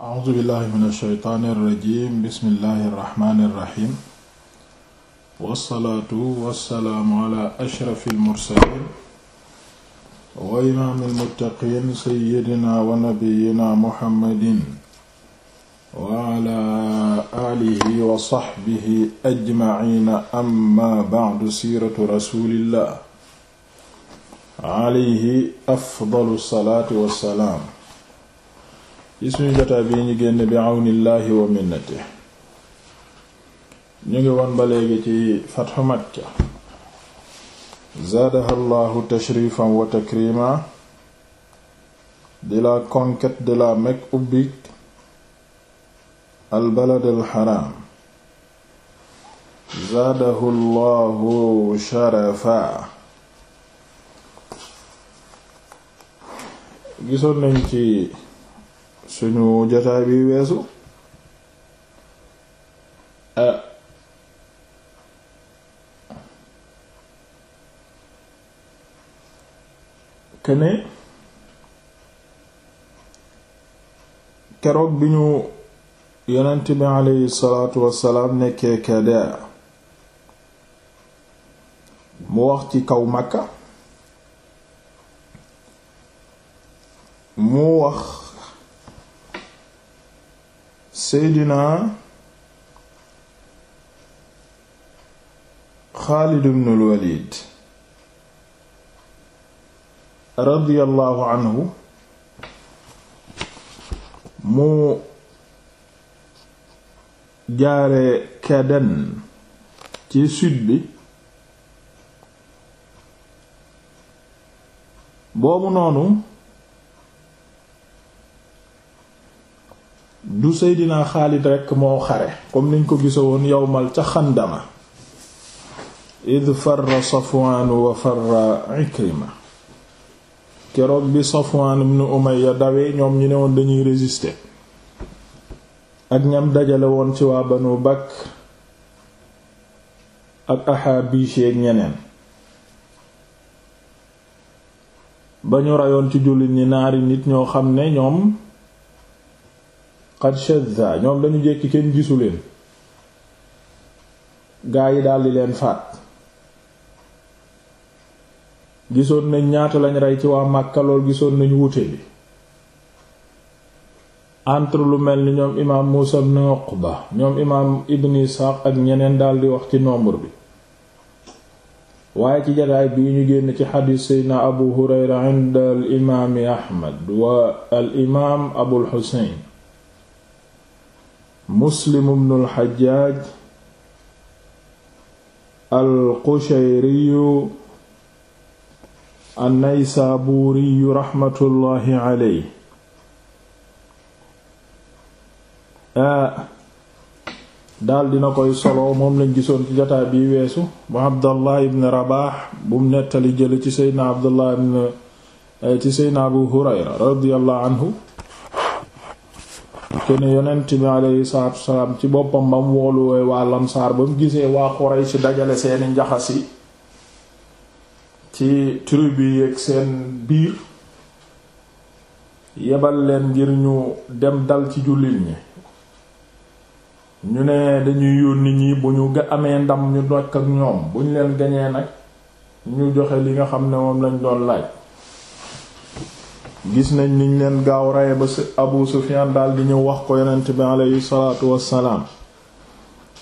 a'uuzu billahi min ash-shaytaani irrajim bismillahi irrahmani irrahim wassalaatu wassalaamu ala ashrafil mursaliin wa imaamil muttaqiin sayyidina wa nabiyyina muhammadin wa ala aalihi wa sahbihi ajmaciina amma ba'du siiratu rasuulillah alayhi afdalu salaatu wassalaam ci suñu jotaay bi ñu génn bi àwnillaahi wa minnati ñu ngi woon ba léegi ci fatxu Makka zaadaha allahu tashrifan wa takrima de la conquête de la Mecque ubbi al balad haram zaadahu allahu sharafa gisoon nañ ci suñu jotaay bi weesu kene euh, keroog bi ñu yonent bi aleyhi salaatu wassalaam nekkee Kadaa mu wax ci kaw Makka mu wax seydina Xaalid ibnul Walid radiyallahu anhu mu jaare keden ci sud bi boobu noonu du Seydina Xaalid rekk moo xare comme niñ ko gisa woon yowmal ca xandama id farra Safwaan wa farra Ikrima keroog bi Safwaan ibn Umayya dawee ñoom ñu ne woon dañuy résister ak ñam dajale woon ci waa Banu Bakr ak Ahaabiis ak ñeneen ba ñu rayoon ci jullit ñi naari nit ñoo xam ne ñoom qad shadda ñoom dañu jekki kenn gisu leen gaa yi daldi leen faat gisoon nañ ñaata lañ rey ci waa Makka lool gisoon nañ wuute bi entre lu mel ni ñoom imaam Muusa ibn Uqba ñoom imaam Ibn Ishaq ak ñeneen daldi wax ci nombre bi waaye ci jataay bii ñu génn ci xadiis seydna Abu Hurayra inda al imaami Ahmad wa al imaam Abul Husayn muslim bnu alxajaj alqusheyriyu annaysaabuuriyu raxmatullahi aley daldi na koy solo moom lañ gisoon ci jataa bi weesu bu abdallah ibn rabax bum nettali jële ci seydna abdullah ibn ci seydna abu hurayra radiyallahu anhu kene yonent bi aleyhi salaatu wasalaam ci boppam ba mu wooluwee waa lamsaar ba mu gisee waa Quraysh dajale seeni njaxas yi ci tribu yi ak seen biir yebal leen ngir ñu dem dal ci jullit ñi ñu ne dañuy yónni ñi bu ñu amee ndam ñu dokk ak ñoom bu ñu leen gañee nag ñu joxe li nga xam ne moom lañ doon laaj gis nañ niñ leen gaaw raye ba Abu Sufyaan daldi ñëw wax ko yonent bi aleyhi salaatu wassalaam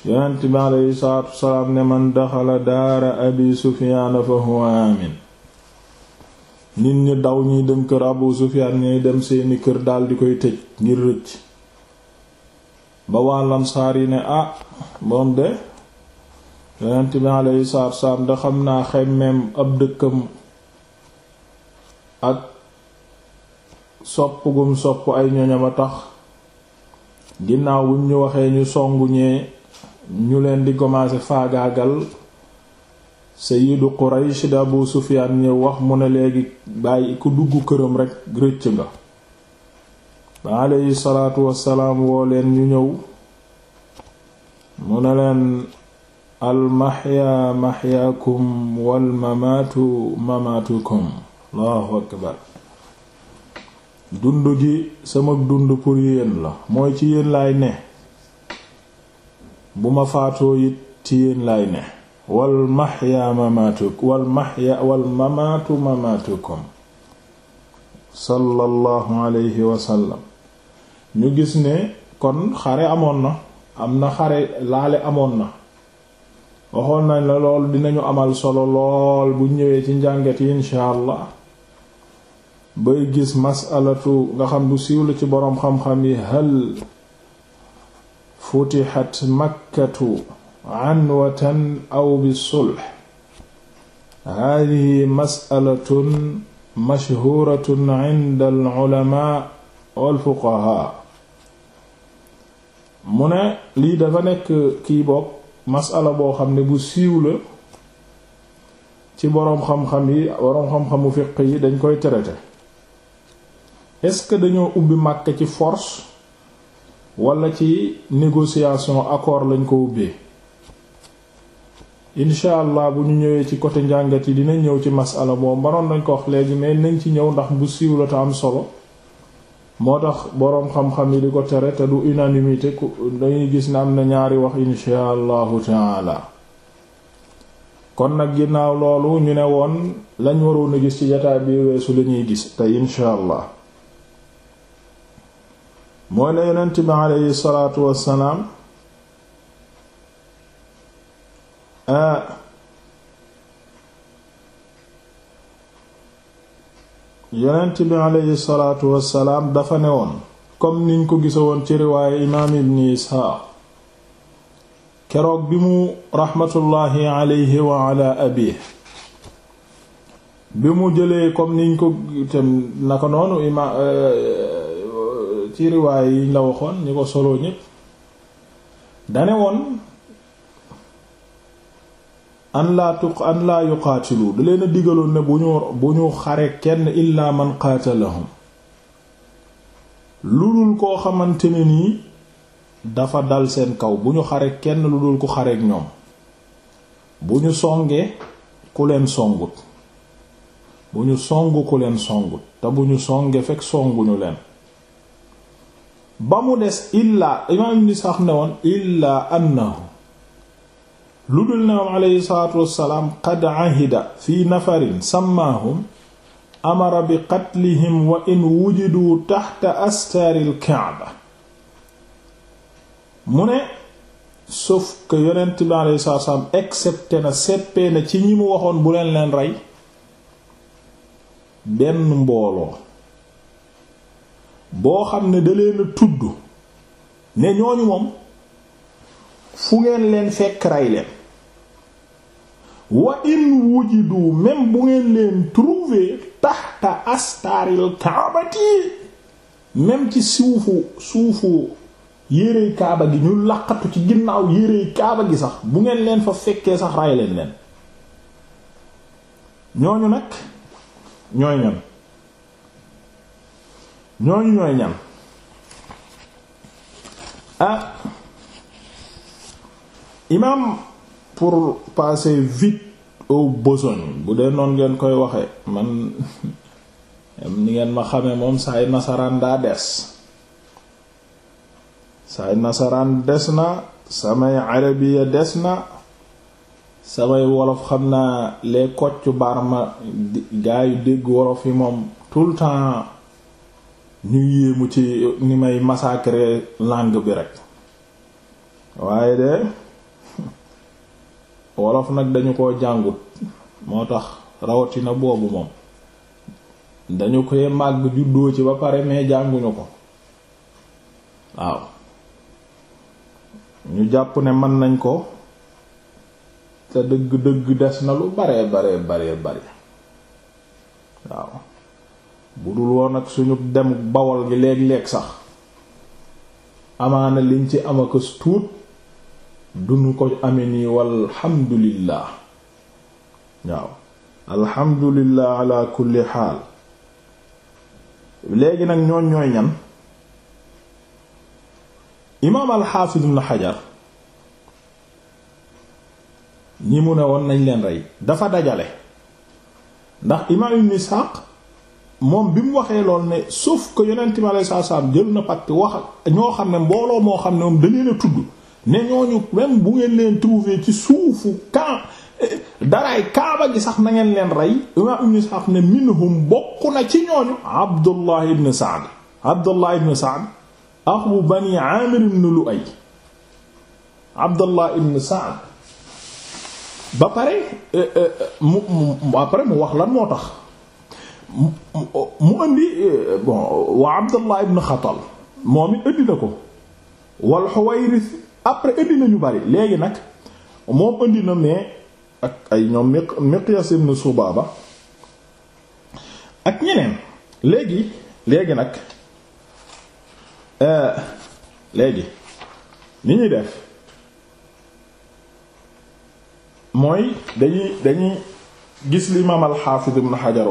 yonent bi aleyhi salaatu wassalaam ne man daxala daara abi Sufyaan fa huwa aamin nit ñi daw ñuy dem kër Abu Sufyaan ñuy dem seeni kër daldi koy tëj ngir rëcc ba waa Ansaar yi ne ah moom de yonent bi aleyhi salaatu wassalaam da naa xemmeem ab dëkkam ak sopp gum sopp ay ñoñam a tax ginnaaw buñ ñu waxee ñu songu ñee ñu leen di commencer faagaagal sayidu Quraysh da Abu Sufyaan ñëw wax mu ne léegi bàyyi ku dugg këram rekk rëcc nga ba aleyhi salaatu wassalaam woo leen ñu ñëw mu ne leen almaxya maxyaakum walmamaatu mamaatukum allahu akbar dund gi sama dund pour yéen la mooy ci yéen laay ne bu ma faatoo it ci yéen laay ne wal mahya mamatuk wal mahya wal mamatu mamatukum sallallahu alayhi wa ñu gis ne kon xare amoon na am na xare laale amoon na waxoon nañ la lool dinañu amal solo lool bu ñëwee ci njàngat yi allah bay gis masalatu nga xam lu siiw la ci boroom xam-xam yi hal futixat makkatu anwatan aw bisulh hadihi masalatun mashhuratun inda al ulama fuqaha mu ne lii dafa nekk kii boog masala boo xam ne bu siiw la ci boroom xam-xam yi boroom xam-xamu fiq yi dañ koy traité est-ce que dañoo ubbi Makka ci force walla ci négociation accord lañ ko ubbee incha allah bu ñu ñëwee ci côté njàngat yi dina ñëw ci masala boobu manoon nañ ko wax léegi mais nañ ci ñëw ndax bu siiw am solo moo tax boroom xam-xam yi di ko tere te du unanimité ku dañuy gis ne am na ñaari wax incha allahu taala kon nag ginnaaw loolu ñu ne woon lañ waroon a gis ci jataay bi weesu lañuy gis tey incha allah mooy ne yonent bi aleyhi salaatu wassalaam ah, yonent bi aleyhi dafa ne woon comme niñ ko gisa woon ci riwaaye imaam ibni isxaaq keroog bi mu raxmatullaahi aleyhi wa abiih bi mu jëlee comme niñ ko itam naka noonu imaam ci riwaay yi ñu la waxoon ñi ko solo ñépp dane woon an laa tuq an laa yuqaatilu da leen a ne bu ñu bu xare kenn illaa man qaatalahum lu dul koo xamante ne nii dafa dal seen kaw bu ñu xare kenn lu dul ku xareek ñoom bu ñu songee ku leen songut bu ñu song ku leen songut te bu ñu songee fekk songuñu leen ba mu des illaa imaam ibn Isxaaq ne woon illaa annahu lu dul ne moom aleyhi salaatu wassalaam qad ahida fi nafarin sammaahum amara bi qatlihim wa in wujidu taxta astaaril kaaba mu ne sauf que yonent bi aleyhi salaatu na seppee na ci ñi mu waxoon bu leen leen rey benn mbooloo boo xam ne da leen a tudd ne ñooñu moom fu ngeen leen fekk rey leen wa in wujidu même bu ngeen leen trouver taxta astaaril kaabati même ci suufu suufu yérey kaaba gi ñu laqatu ci ginnaaw yérey kaaba gi sax bu ngeen leen fa fekkee sax rey leen leen ñooñu nag ñooy ñan ñooñu ñooy ñan ah imam pour passer vite au besoin bu dee noon ngeen koy waxe man ni ngeen ma xame moom saay nasaraan daa des saay nasaraan des na samay arabiya des na samay wolof xam naa les Kocc ma gaayu dégg wolof yi moom tout le temps ñu yéemu ci ni may massacrer langue bi rekk waaye de wolof nag dañu ko jàngut moo tax rawatina boobu moom dañu koy màgg juddoo ci ba pare mais jànguñu ko waaw ñu jàpp ne mën nañ ko te dëgg-dëgg des na lu bare bare bare bare waaw bu dul woon ak suñu dem bawol gi léeg-léeg sax amaana liñ ci am ak tuut duñu ko ame nii walhamdulillah waaw alhamdulillah ala kulli xaal léegi nag ñooñ ñooy ñan imaam alxaafis ibn xajar ñi mu ne woon nañ leen rey dafa dajale ndax imaam ibn isxaaq moom bi mu waxee lool ne suuf ko yonent mi alayhi salaam jël na pacte wax ñoo xam ne mbooloo moo xam ne moom da leen a tudd ne ñooñu même bu ngeen leen trouver ci suufu dara daraay kaaba gi sax na ngeen leen rey imaam ibn Isxaaq ne minhum bokk na ci ñooñu Abdullah ibn Saad Abdullah ibn Saad axu bani Aamir ibn Lu'ay Abdullah ibn Saad ba pare eh, eh, mu après mu wax lan moo tax mu indi eh, bon waa Abdallah ibn Xatal moom it indi na ko walla Huwayris après indi na ñu bari léegi nag moom indi na mais ak ay ñoom Miqyas ibn Subaba ak ñeneen léegi léegi nag eh, léegi ni ñuy def mooy dañuy dañuy gis li imaam alxaafid ibn xajar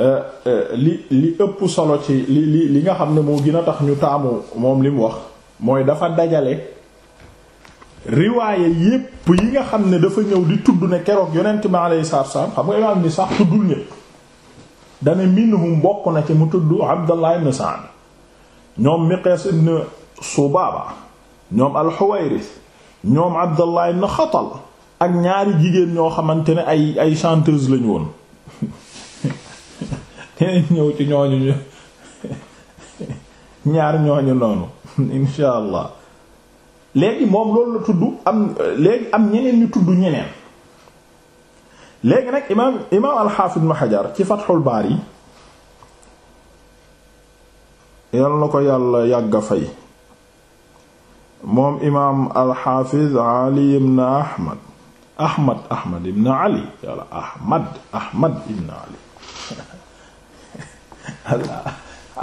euh, euh, li li ëpp solo ci li li nga xam ne moo gën a tax ñu taamu moom li mu wax mooy dafa dajale riwaaye yépp yi nga xam ne dafa ñëw di tudd ne keroog yonent bi alayhi salaatu wa salaam xam nga imaam ni sax tuddul ñépp dane minhum bokk na ci mu tudd Abdallah ibn Sa'd ñoom Miqees ibn Subaaba ñoom al-Huwayris ñoom Abdallah ibn Xatal ak ñaari jigéen ñoo xamante ne ay ay chanteuse lañu woon dinañ ñëw ci ñooñu ñu ñaar ñooñu noonu insha léegi moom loolu la tudd am léegi am ñeneen ñu tudd ñeneen léegi nag imaam imaam alxaafid ibn Hajar ci Fathul Baari yal na ko yàlla yàgg a fay moom imaam alxaafid Ali ibn Ahmad ahmad ahmad ibn ali walla ahmad ahmad ibn ali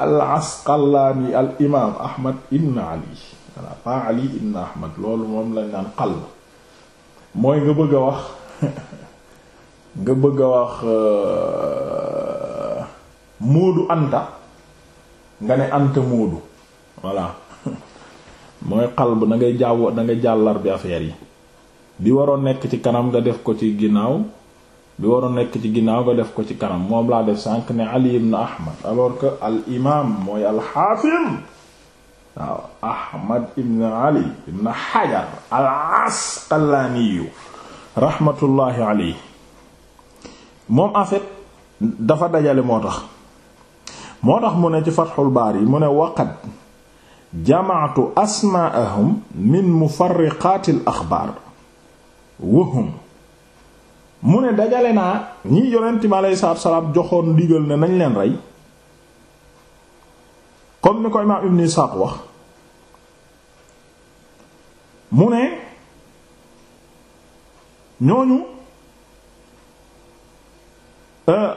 al asqalaani al imaam ahmad ibn ali walla ali ibn ahmad loolu moom lañ naan qalb mooy nga bëgg a wax nga bëgg a wax euh, moodu anta nga ne anta moodu voilà mooy qalb da ngay jàww da ngay jàllar bi affaire yi bi waroon nekk ci kanam nga def ko ci ginnaaw bi waroon nekk ci ginnaaw nga def ko ci kanam moom laa def sànq ne Ali ibn Ahmad alors que al imaam mooy al Ahmad ibn Ali ibn Hajar al Asqalaaniyu rahmatullahi alayhi moom en fait dafa dajale moo tax moo mu ne ci Fathul yi mu ne waqad jamaatu asmaa'ahum min mufarriqaatil axbaar wahum mu ne dajale naa ñi yonent bi aleyhi joxoon digal ne nañ leen rey kon ni ko imaam ibn Isaaq wax mu ne ñooñu euh,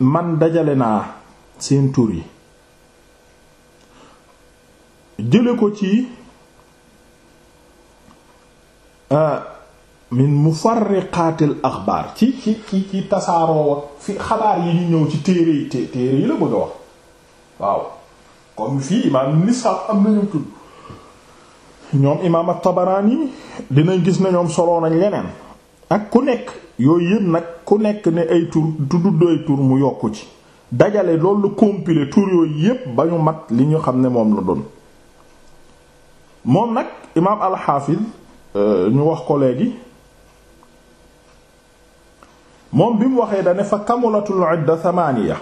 man dajale naa seen tuur yi jële ko ci Euh, min mufarriqaatil axbaar ci ci ci ci tasaaroo fi xabaar yi ñu ñëw ci téere yi téere yi la bëgg a wax waaw comme fii imaam nisab am nañu tudd ñoom imaam tabaraani dinañ gis ne ñoom soloo nañ leneen ak ku nekk yooyu yëpp nag ku nekk ni ay tur tudd ay tur mu yokku ci dajale loolu la compiler tur yooyu yëpp ba ñu mat li ñu xam ne moom la doon moom nag imaam al Euh, ñu wax ko léegi moom bi mu waxee dana fa kamulatul idda ya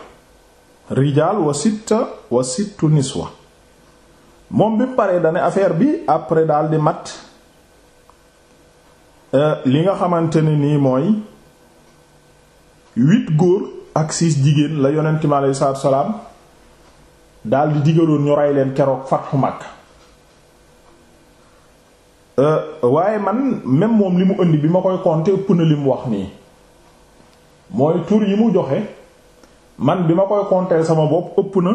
rijaal wa sitta wa sittu niswa moom bi mu paree dane affaire bi après daal di matt euh, li nga xamante ne nii mooy huit góor ak six jigéen la yonent mi aleyhi salaatu salaam daal di digaloon ñu rey leen keroog Fathu Makka Euh, waaye man même moom li mu indi bi ma koy compter ëpp na li mu wax nii mooy tur yi mu joxe man bi ma koy compter sama bopp ëpp na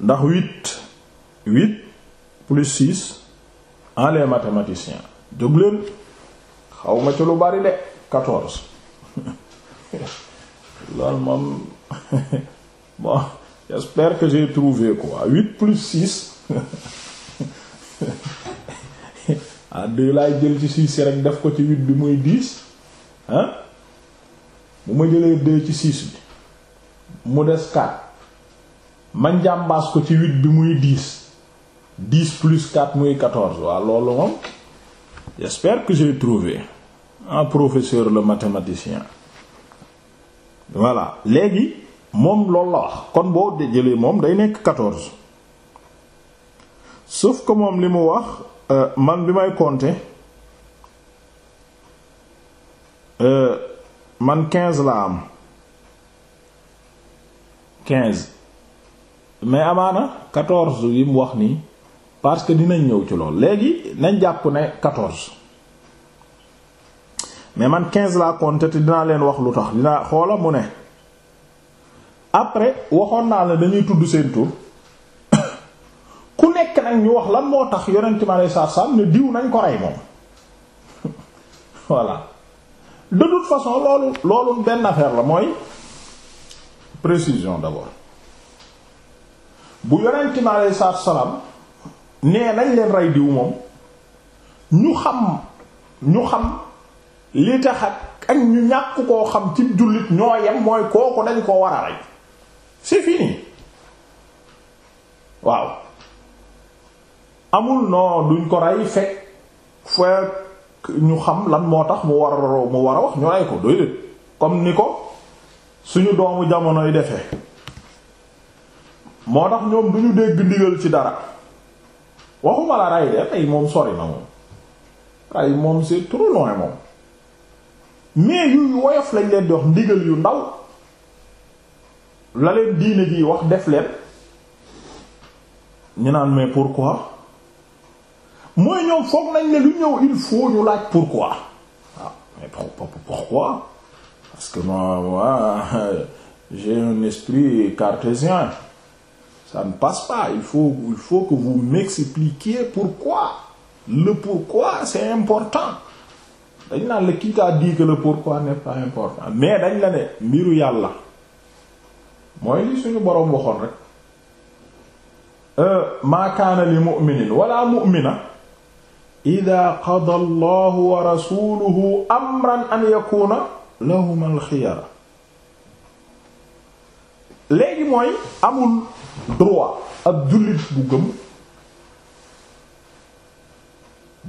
ndax huit huit plus six en les mathématiciens jóg leen xaw ma ci lu bari de quatorze loolu moom bon j'espère que j'ai trouvé quoi huit plus six ah deux laay jël ci six rek def ko ci huit bi muy dix ah bu ma jëlee deux ci six bi mu des quatre man jàmbaas ko ci huit bi muy diis dix plus quatre muy quatorze waaw loolu moom j'espère que j'ai trouvé un professeur le mathématicien voilà léegi moom loolu la wax kon boo jëlee moom day nekk quatorze sauf que moom li mu wax. Euh, man bi may compter euh, man quinze laa am quinze mais amaana quatorze yi mu wax nii parce que dinañ ñëw ci lool léegi nañ jàpp ne quatorze mais man quinze laa compter te dinaa leen wax lu tax dinaa xoola mu ne après waxoon naa la dañuy tudd seen tur nag ñu wax lan moo tax yonent mi aleyhi salaatu salaam ne nañ ko rey moom voilà de benn affaire la mooy précision d'abord bu yonent mi nee nañ leen rey diw moom ñu xam ñu xam li tax ak ñu ñàkk koo xam ci jullit ñoo yem mooy kooku dañ ko war a rey c'est fini waaw amul non duñ ko ray fekk fekk ñu xam lan moo tax mu war a mu war a wax ñu rey ko doy comme ni ko suñu doomu jamonoy defe moo tax ñoom duñu dégg ndigal ci dara waxuma la rey de rey moom sori na moom moom mais yu woyof lañ leen di wax ndigal yu ndaw la leen diine ji wax def leen ñu naan mais pourquoi mooy ñoom foog nañ ne lu ñëw il faut ñu laaj pourquoi ah, parce que moi moi j'ai un esprit cartésien ça ne passe pas il faut il faut que vous m'expliquiez pourquoi le pourquoi c'est important dañ naan la qui t'a dit que pourquoi n'est pas important mais dañ la ne mbiru yàlla mooy li suñu boroom waxoon rek euh, maa kaana li mu'minin wala mu'mina ida qada allahu wa rasuluhu amran an yakuna lahum alxiyara léegi mooy amul droit ab jullit bu gëm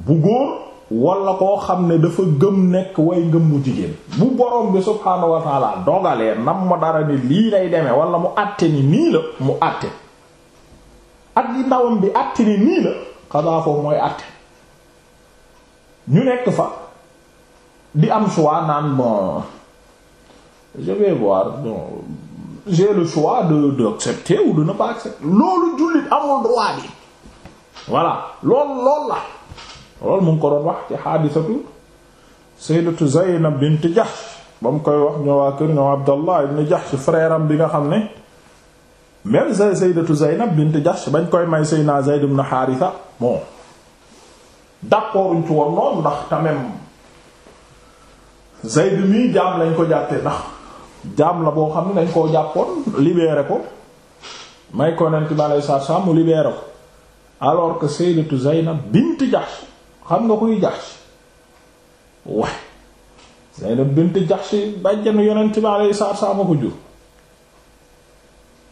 bu góor wala koo xam ne dafa gëm nekk way ngëm bu jigéen bu borom bi subhaanahu wa taala dogalee nam ma dara ni lii lay demee wala mu àtte ni nii la mu àtte ak ndawam bi àtte ni nii la xadaa foofu mooy àtte ñu nekk fa di am choix naan bon je vais voir bon j'ai le choix de d'accepter ou de ne pas accepter loolu jullit amoon droit bi voilà loolu loolu la loolu mu ko doon ci xaadisatu sayyidatu Zaynab bint Jahsh ba mu koy wax ñoo waa kër ñoo Abdallah ibn Jahsh frère bi nga xam ne même sayyidatu Zaynab bint Jahsh bañ koy may Sayyidina Zayd ibn Haritha bon d'accorduñ ci woon ndax quand même Zayd mii jaam lañ ko jàppee ndax jaam la boo xam ne dañ koo jàppoon libéré ko may ko nent bi alei satu salaam mu libéré ko alors que sayyidatu Zaynab bint Jahsh xam nga kuy Jahsh waay Zaynab bint Jahsh bàjjanu yonent bi alei satu salaam a ko jur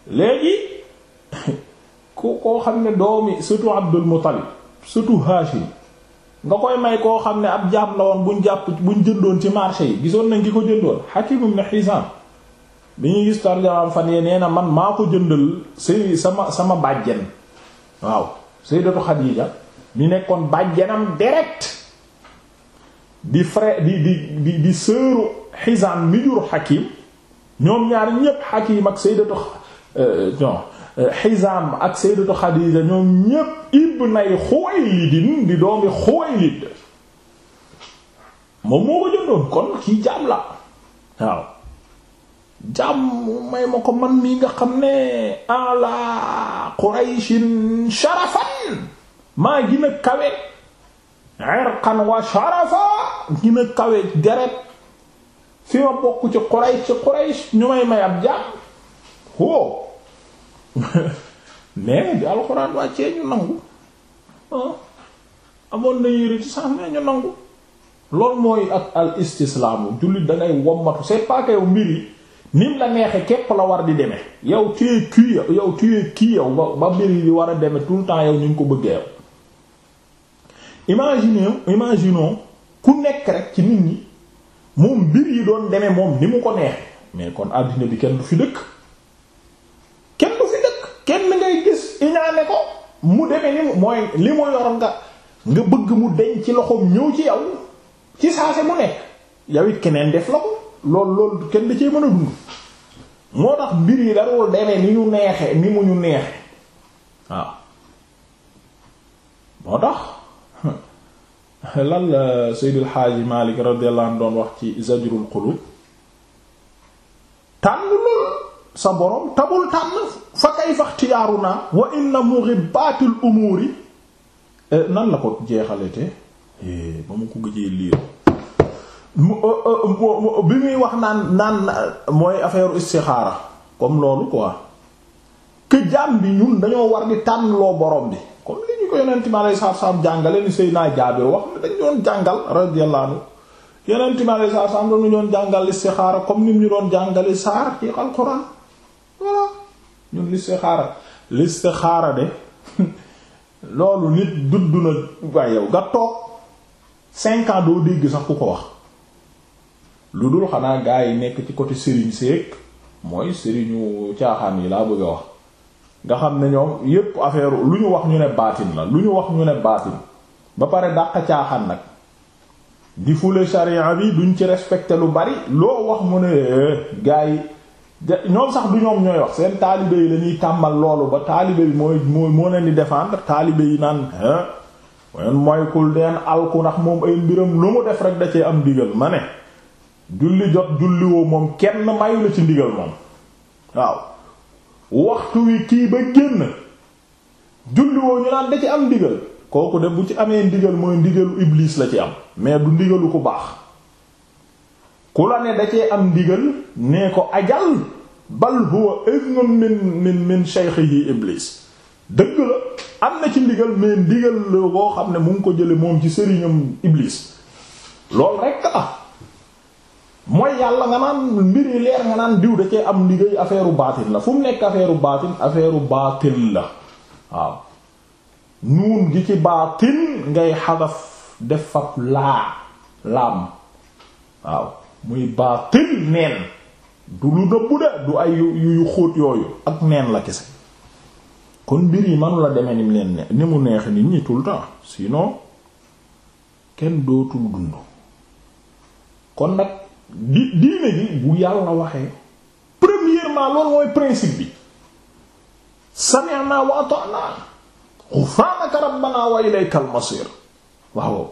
léegi ku koo xam ne doomi surtout Abdul Muttalib surtout Hashim nga koy may koo xam ne ab jaam la woon buñ jàpp buñ jëndoon ci marché yi gisoon nañ ki ko jëndoon Hakim ibn Hizam bi ñuy gis tarjamaam fan yee nee na man maa ko jëndal say sama sama bàjjen waaw Sayyidatu Khadija mi nekkoon bàjjenam direct di frère di di di di sœuru Hizam mi jur Hakim ñoom ñaar ñépp Hakim ak Sayyidatu euh, non Xizaam ak Sayyidatu Xadiija ñoom ñépp ibnay Xuwaylid di doomi Xuwaylid moom moo ko jëndoon kon kii jaam la waaw jaam may ma ko man mii nga xam ne ala Qurayshin sharafan maa gina kawe irqan wa sharafa gina kawe deret fi ma bokk ci Quraysh ci Quraysh ñu may may ab jaam ho mais bi alxuraan wàccee ñu nangu ah, amoon nañu réticence mais ñu nangu loolu mooy ak al istislaamu jullit dangay wommatu c'est pas que mbir yi nim la neexe képp la war di demee yow tuyee kii yow tuyee kii yow ba ba mbir yi di war a demee tout le temps yow ñu ko bëggee yow imaginez imaginons ku nekk rek ci nit ñi moom mbir yi doon demee moom ni mu ko neex mais kon àddina bi kenn du fi dëkk kenn ngay gis iñaane ko mu demee ni mooy li mu yor nga nga bëgg mu deñ ci loxoom ñëw ci yow ci saase mu nekk yow keneen def la ko lool lool kenn da ci mën a dund moo tax mbir yi darul demee ni ñu neexe ni mu ñu neexe waaw moo tax lan la Seydil Xaaji Malik radiyallahu anhu doon wax ci Zajrul Qulub tànnul sa borom tabul tànn fa kayfa ixtiyaaruna wa inna mughibbatil umuuri eh, nan la ko jeexalete eh, ba mu ko gëjee liir eh, bi muy wax naan naan mooy affaire istixaara comme loolu ko que jaam bi ñun dañoo war di tànn loo borom bi comme li ñu ko yonent mi alayhi salaatu salaam jàngale ni Seydina Jaabir wax ni dañ doon jàngal radiyallahu anhu yonent mi alayhi salaatu salaam dañu doon jàngal istixaara comme ni mu ñu doon jàngale saar ci alxuraan voilà ñun listixaara listixaara de loolu nit dudd na waaye yow nga toog cinq doo dégg sax ku ko wax lu dul xanaa gaa yi nekk ci côté Serigne Seck mooy sëriñu caaxaan yi laa bëgg a wax nga xam ne ñoom yépp affaire lu ñu wax ñu ne baatin la lu ñu wax ñu ne baatin ba pare dàq caaxaan nag di fule charia bi duñ ci respecté lu bari loo wax mu ne eh, gaa yi ñoom sax du ñoom ñooy wax seen taalibe yi la ñuy tàmmal loolu ba taalibe bi mooy moo leen di défendre taalibe yi naan hein moykul deen alku ndax moom ay mbiram lu mu def rek da cee am ndigal ma ne julli jot julliwoo moom kenn mayu la ci ndigal moom waaw waxtu wi kii ba génn julliwoo ñu naan da ci am ndigal kooku de bu ci amee ndigal mooy ndigalu iblis la ci am mais du ndigalu ku baax ku la ne da cee am ndigal ne ko ajal bal huwa idnun min min min shaykhihi iblis dëgg la am na ci ndigal mais ndigal la koo xam ne mu ngi ko jële moom ci sëriñam iblis loolu rekk la mooy yàlla nga naan mbir leer nga naan diw da cee am ndigal affaire u baatin la fu mu nekk affaire u baatin affaire u baatin la waaw nuun gi ci baatin ngay xadaf def fab laa laam waaw muy baatil neen du lu nëbbu de du ay yu yu xóot yooyu ak neen la kese kon mbir yi manula demee nim leen ne ni mu neex nit ñi tout le temps kenn dootul dund kon nag di diine gi bu yàlla waxee premièrement loolu mooy principe bi sami'na wa ata'na ghufranaka rabbana wa ilaykal masir waaw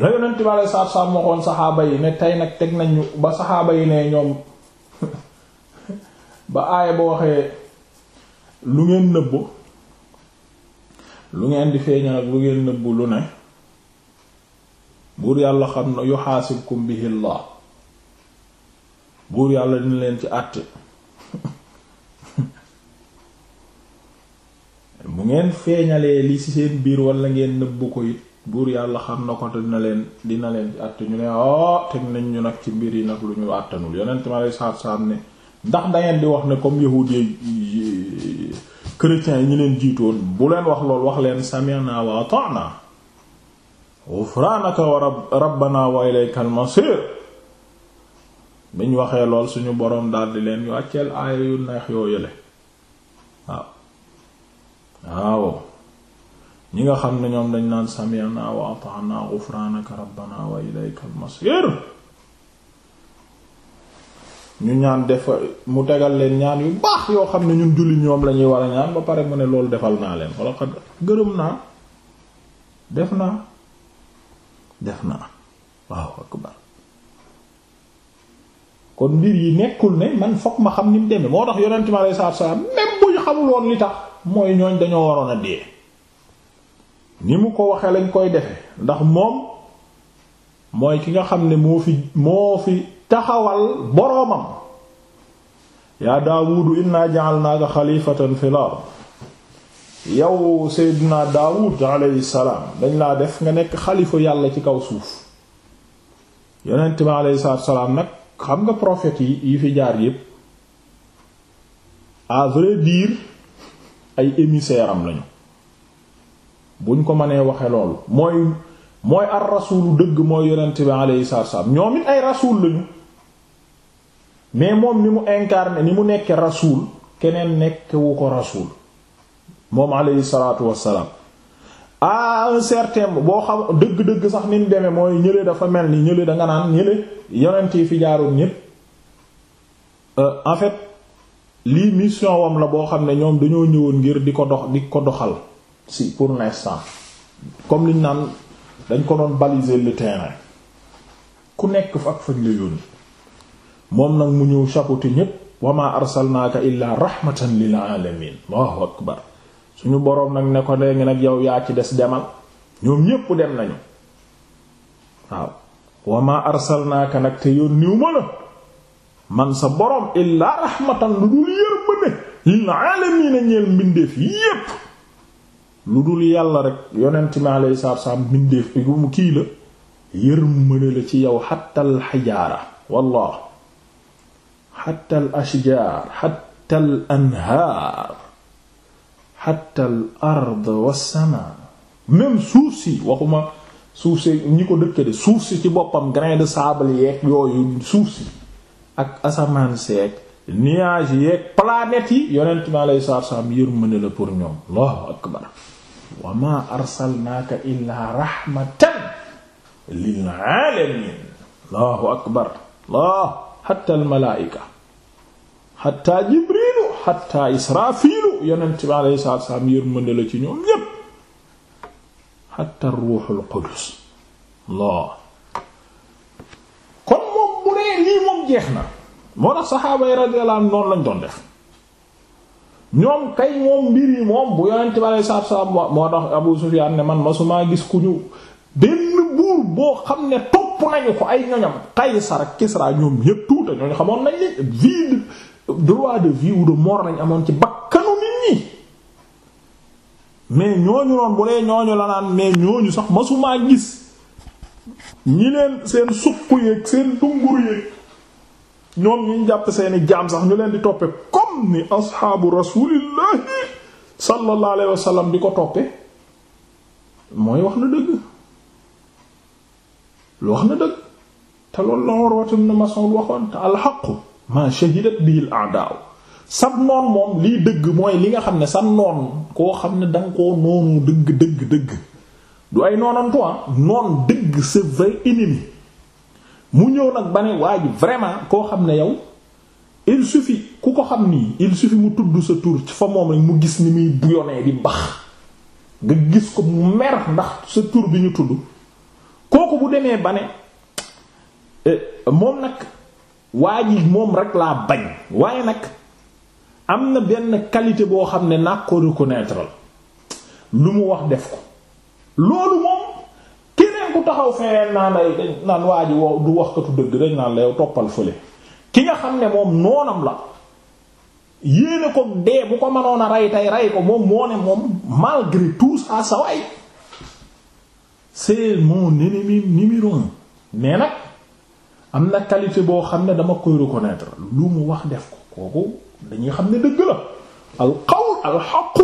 la yonent bi alei saatu waxoon saxaaba yi ne tey nag teg nañu ba saxaaba yi ne ñoom ba aaya ba waxee lu ngeen nëbbu lu ngeen di feeñal ak lu lu ne buur yàlla xam na yuxaasibkum bihillah buur yàlla dina leen ci àtt bu ngeen feeñalee li ci seen biir wala ngeen nëbb ko buur yàlla xam na ko te dina leen dina leen ci àtt ñu ne oh teg nañ ñu nag ci mbir yi nag lu ñu àttanul yonent ma lay saat saat ne ndax da di wax ne comme yahuud yi chrétiens yi ñu leen jiitoon bu leen wax lool wax leen sami'na wa ata'na ghufranaka wa rabbana wa ilaykal masir biñ waxee lool suñu boroom daldi leen yu àcceel aaya yu neex yoo yële waaw ñi nga xam ne ñoom dañ naan sami'na wa ata'na ghufranaka rabbana wa ilaykal masir ñu ñaan defa mu tegal leen ñaan yu baax yoo xam ne ñun julli ñoom lañuy war a ñaan ba pare mu ne loolu defal naa leen wala xad gërëm def naa def naa waaw akbar kon mbir yi nekkul ne man fokk ma xam ni mu demee moo tax yonent mi alayhi salaatu salaam même bu ñu xamul woon tax mooy ñooñ dañoo waroon a dee ni mu ko waxee lañ koy defe ndax moom mooy ki nga xam ne moo fi moo fi taxawal boroomam yaa daawudu inna ja'alnaaka xalifatan fil ard yow seydina daawud alayhi salaam dañ laa def nga nekk xalifa yàlla ci kaw suuf yonent bi alayhi salaatu salaam nag xam nga prophètes yi yi fi jaar yépp à vrai ay émissaires am lañu buñ ko mënee waxee loolu mooy mooy ar rasuulu dëgg mooy yonent bi alayhi salaam ñoom it ay rasuul lañu mais moom ni mu incarné ni mu nekkee rasuul keneen nekk ko rasuul moom alayhi salaatu wassalaam à un sertembre boo xam dëgg-dëgg sax ni mu demee mooy ñële dafa mel ni ñële da nga naan ñële yonent yi fi jaaroon ñépp euh, en fait lii mission wam la boo xam ne ñoom dañoo ñëwoon ngir di ko dox di ko doxal si pour l'instant comme liñ naan dañ ko doon baliser le terrain ku nekk fa ak fañ la yónni moom nag mu ñëw chapeauté ñépp wama arsalnaaka illaa rahmatan lil alamin allahu akbar suñu boroom nag ne ko léegi nag yow yaa ci des demal ñoom ñépp dem nañu waaw wama arsalnaaka nag te yónniw ma la man sa boroom illaa rahmatan lu dul yërmande lil alamin ñeel mbindeef yépp lu dul yàlla rek yonent mi alayhi salaatu salaam mbindeef bi mu kii la yërmande la ci yow xatta al xijaara wallah xatta al ashjaar xatta al anhaar xatta al suuf si waxuma suuf si ñi ko dëkk de suuf si ci boppam grain saabal sable yooyu suuf si ak asamaan seek nuages yeeg planètes yi yonent mi alayhi salaatu salaam yërmande la pour ñoom allahu akbar wa ma arsalnaaka illaa rahmatan lil aalamiin allahu akbar allah hatta al malaa'ika hatta jibriilu hatta israafiilu yonent mi alayhi salaatu salaam yërmande la ci ñoom yépp hatta ruuxul qudus allah kon moom bu dee lii moom jeex na moo tax saxaaba yi radiyallahu anhum noonu lañ doon def ñoom kay moom mbir yi moom bu yonent bi alayhi salaatu wa salaam moo tax Abu Sufyaan ne man masumaa gis ku ñu benn buur boo xam ne topp nañu ko ay ñoñam Qaysar ak Kisra ñoom yépp tuuta ñooñu xamoon nañ ne vie droit de vie ou de mort lañ amoon ci bakkanu nit ñi mais ñooñu noonu bu dee ñooñu la naan mais ñooñu sax masumaa gis ñi leen seen suq yeeg seen dunguru yeeg ñoom ñu jàpp seeni jaam sax ñu leen di toppe comme ni asxaabu rasulillahi sallallahu alayhi di ko toppee mooy wax na dëgg lu wax na dëgg te loolu la Urwatu ibn Mas'ud waxoon te alxaqu ma shahidat bihi al-a'da'u sab noon moom lii dëgg mooy li nga xam ne sa noon koo xam ne danga ko noonu dëgg dëgg dëgg du ay noonantu ah. noon dëgg c'est vrai ennemi mu ñëw nag ba waa ji vraiment koo xam ne yow il suffit ku ko xam nii il suffit mu tudd sa tur ci fa moom rek mu gis ni muy bouillonner di bax nga gis ko mu mer ndax sa tur bi ñu tudd kooku bu demee bane eh, moom nag waa ji moom rek laa bañ waaye nag am na benn qualité boo xam ne naa ko reconnaître lu mu wax def ko loolu moom keneen ku taxaw feneen naan naan waa ji wow du waxkatu dëgg dañ naan la yow toppal fële ki nga xam ne moom noonam la yéene ko dee bu ko mënoon a rey tey rey ko moom moo ne moom malgré tout ça sa waay c'est mon ennemi numéro un mais nag am na qualité boo xam ne dama koy reconnaître lu mu wax def ko kooku dañuy xam ne dëgg la al qawl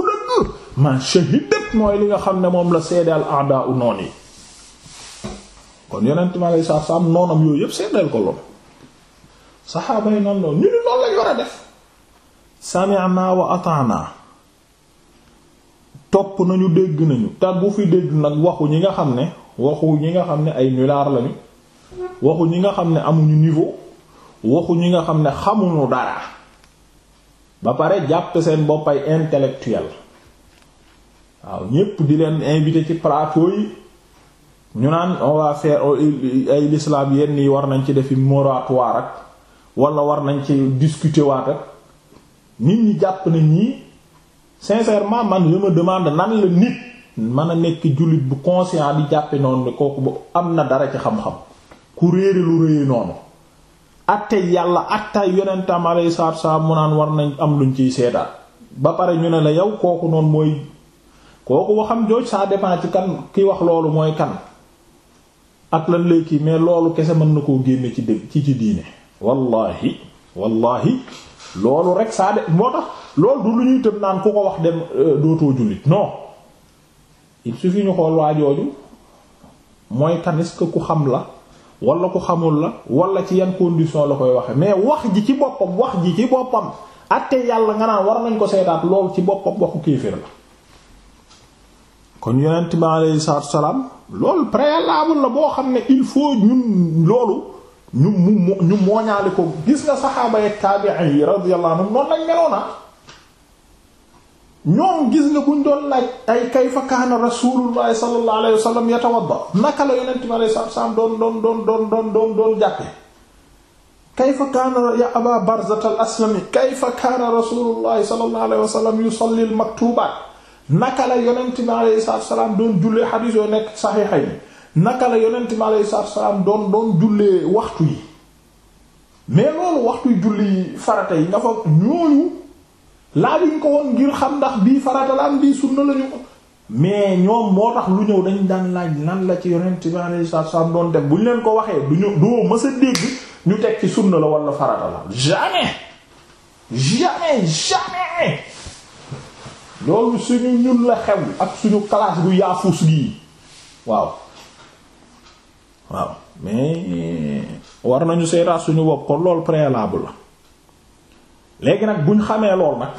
dëgg ma shahidat mooy li nga xam ne moom la seede al a'da'u noon yi kon yonent ma lay saa saam noonam yooyu yëpp seddal ko lool saxaaba yi noonu noonu ñu ni noonu lañ war a def sami'na wa ata'na topp nañu dégg nañu te bu fi dégg nag waxu ñi nga xam ne waxu ñi nga xam ne ay nulaar lañu waxu ñi nga xam ne amuñu niveau waxu ñi nga xam ne xamuñu dara ba pare jàpp seen boppay ay intellectuel waaw ñépp di leen invité ci plateau yi ñu naan on va faire oh, ay l'islam yenn yi war nañ ci defi moratoire ak wala war nañ ci discuter waat ak nit ñi jàpp nañ ñii sincèrement man je me demande nan la nit mën a nekk jullit bu conscient di jàppe noonu ne kooku bu am na dara ci xam-xam ku réere lu réye noonu atte yàlla atte yonentam alayhi salaatu salaam mu naan war nañ am luñ ciy seedaat ba pare ñu ne la yow kooku noonu mooy kooku waxam jooj ça dépend ci kan ki wax loolu mooy kan ak lan lay kii mais loolu kese mën na koo génne ci dé ci ci diine wallahi wallahi loolu rek saa de moo tax loolu du lu ñuy tëm naan ku ko wax dem euh, dootoo jullit non il suffit ñu xool waa jooju mooy kan est-ce que ku xam la wala ku xamul la wala ci yan condition la koy waxee mais wax ji ci boppam wax ji ci boppam atte yàlla nga naan war nañ ko seetaat loolu ci boppam waxu kéefër la kon yonent bi aleyhi salaatu salaam loolu préalable la boo xam ne il faut ñun loolu ñu mu ñu ko gis nga saxaaba yi taabi'i yi radiyallahu anhum lañ meloon na ah. ñoom gis nga buñ doon laaj ay kayfa kaana rasuulullahi sallallahu alayhi wasallam yatawadda naka la yonent bi aleyhi salaatu salaam doon doon doon doon doon doon doon jàppe kayfa kaana ya aba barzata aslami kayfa kaana rasuulullahi sallallahu alayhi wasallam yusalli naka la yonent bi alayhi salaam doon jullee xadiis yoo nekk saxiixa yi naka la yonent bi alayhi salaam doon doon jullee waxtu yi mais loolu waxtu julli farata yi nga fa ñooñu laajuñ ko woon ngir xam ndax bii farata la am bii sunna lañu ko mais ñoom moo tax lu ñëw dañ daan laaj nan la ci yonent bi alayhi salaam doon def bu ñu leen ko waxee du ñu doo mësa dégg ñu teg ci sunna la wala farata la jamais jamais jamais loolu suñu ñun la xew ak suñu classe bu yaafus gii waaw waaw mais war nañu seetaat suñu bopp kon loolu préalable la léegi nag buñ xamee lool nag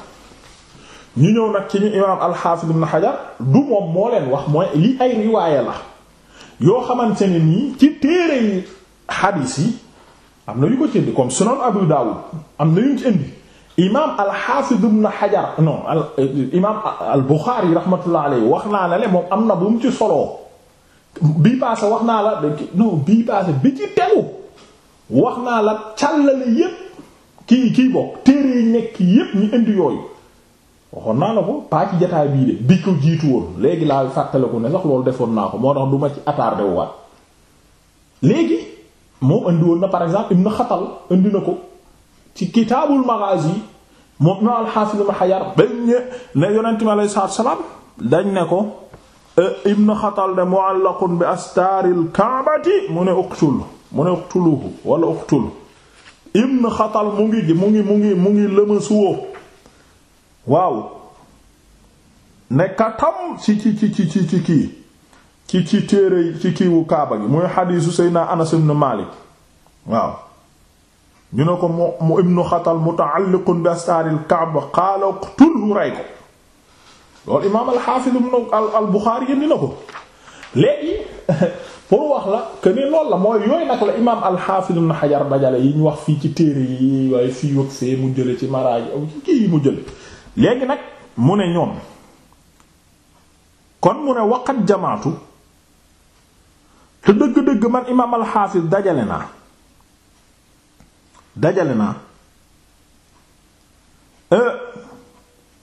ñu ñëw nag ci ñu imaam alxaafid ibn xajar du moom moo leen wax mooy li ay riwaaye la yoo xamante ne nii ci téere yi xadiis yi am na yu ko ci indi comme sunan abu daawud am na yuñ ci indi imaam al-Hafiz ibn Hajar non al imaam al-Bukhari wax naa la ne moom am na bu mu ci solo bii paase wax naa la non bii paase bi ci tegu wax naa la càllale yépp kii kii bokk téere nekk yépp ñu indi yooyu waxoon naa la ko pas ci jataay bii de bi ko jiitu woon léegi laa fàttaliku ne sax loolu defoon naa ko moo tax du ci attardé wu waat léegi moom indi woon na par exemple Ibn indi na ko. ci kitaabul maghazi moom na alxaafis ibn Hajar bañ ne yonent mi alayhi dañ ne ko e, ibn Xatal ne mu'allaqun bi astaaril kaabati mu ne uqtul mu ne uqtuluhu wala uqtul ibn Xatal mu ngi mu ngi mu ngi mu ngi lëmasuwoo waaw nekka tam ci ci ci ci ci téere ci kiiwu kaaba gi muy xadiisu Seydina Anas ibn Maalik waaw ñu ne ko mu mu ibnu xatal muta'alliqun bi astaaril kaaba qaala uqtulhu rey ko loolu imaam alxaafis ibnu al buxaari yëndi na ko léegi pour wax la que lool loolu la mooy yooyu nag la imaam alxaafis ibnu xajar dajale yi ñu wax fii ci téere yi waaye fii wëg fee mu jële ci maraaj kii yi mu jële léegi nag mu ne ñoom kon mu ne waqat jamaatu te dëgg-dëgg man imaam alxaafis dajale naa dajale na e,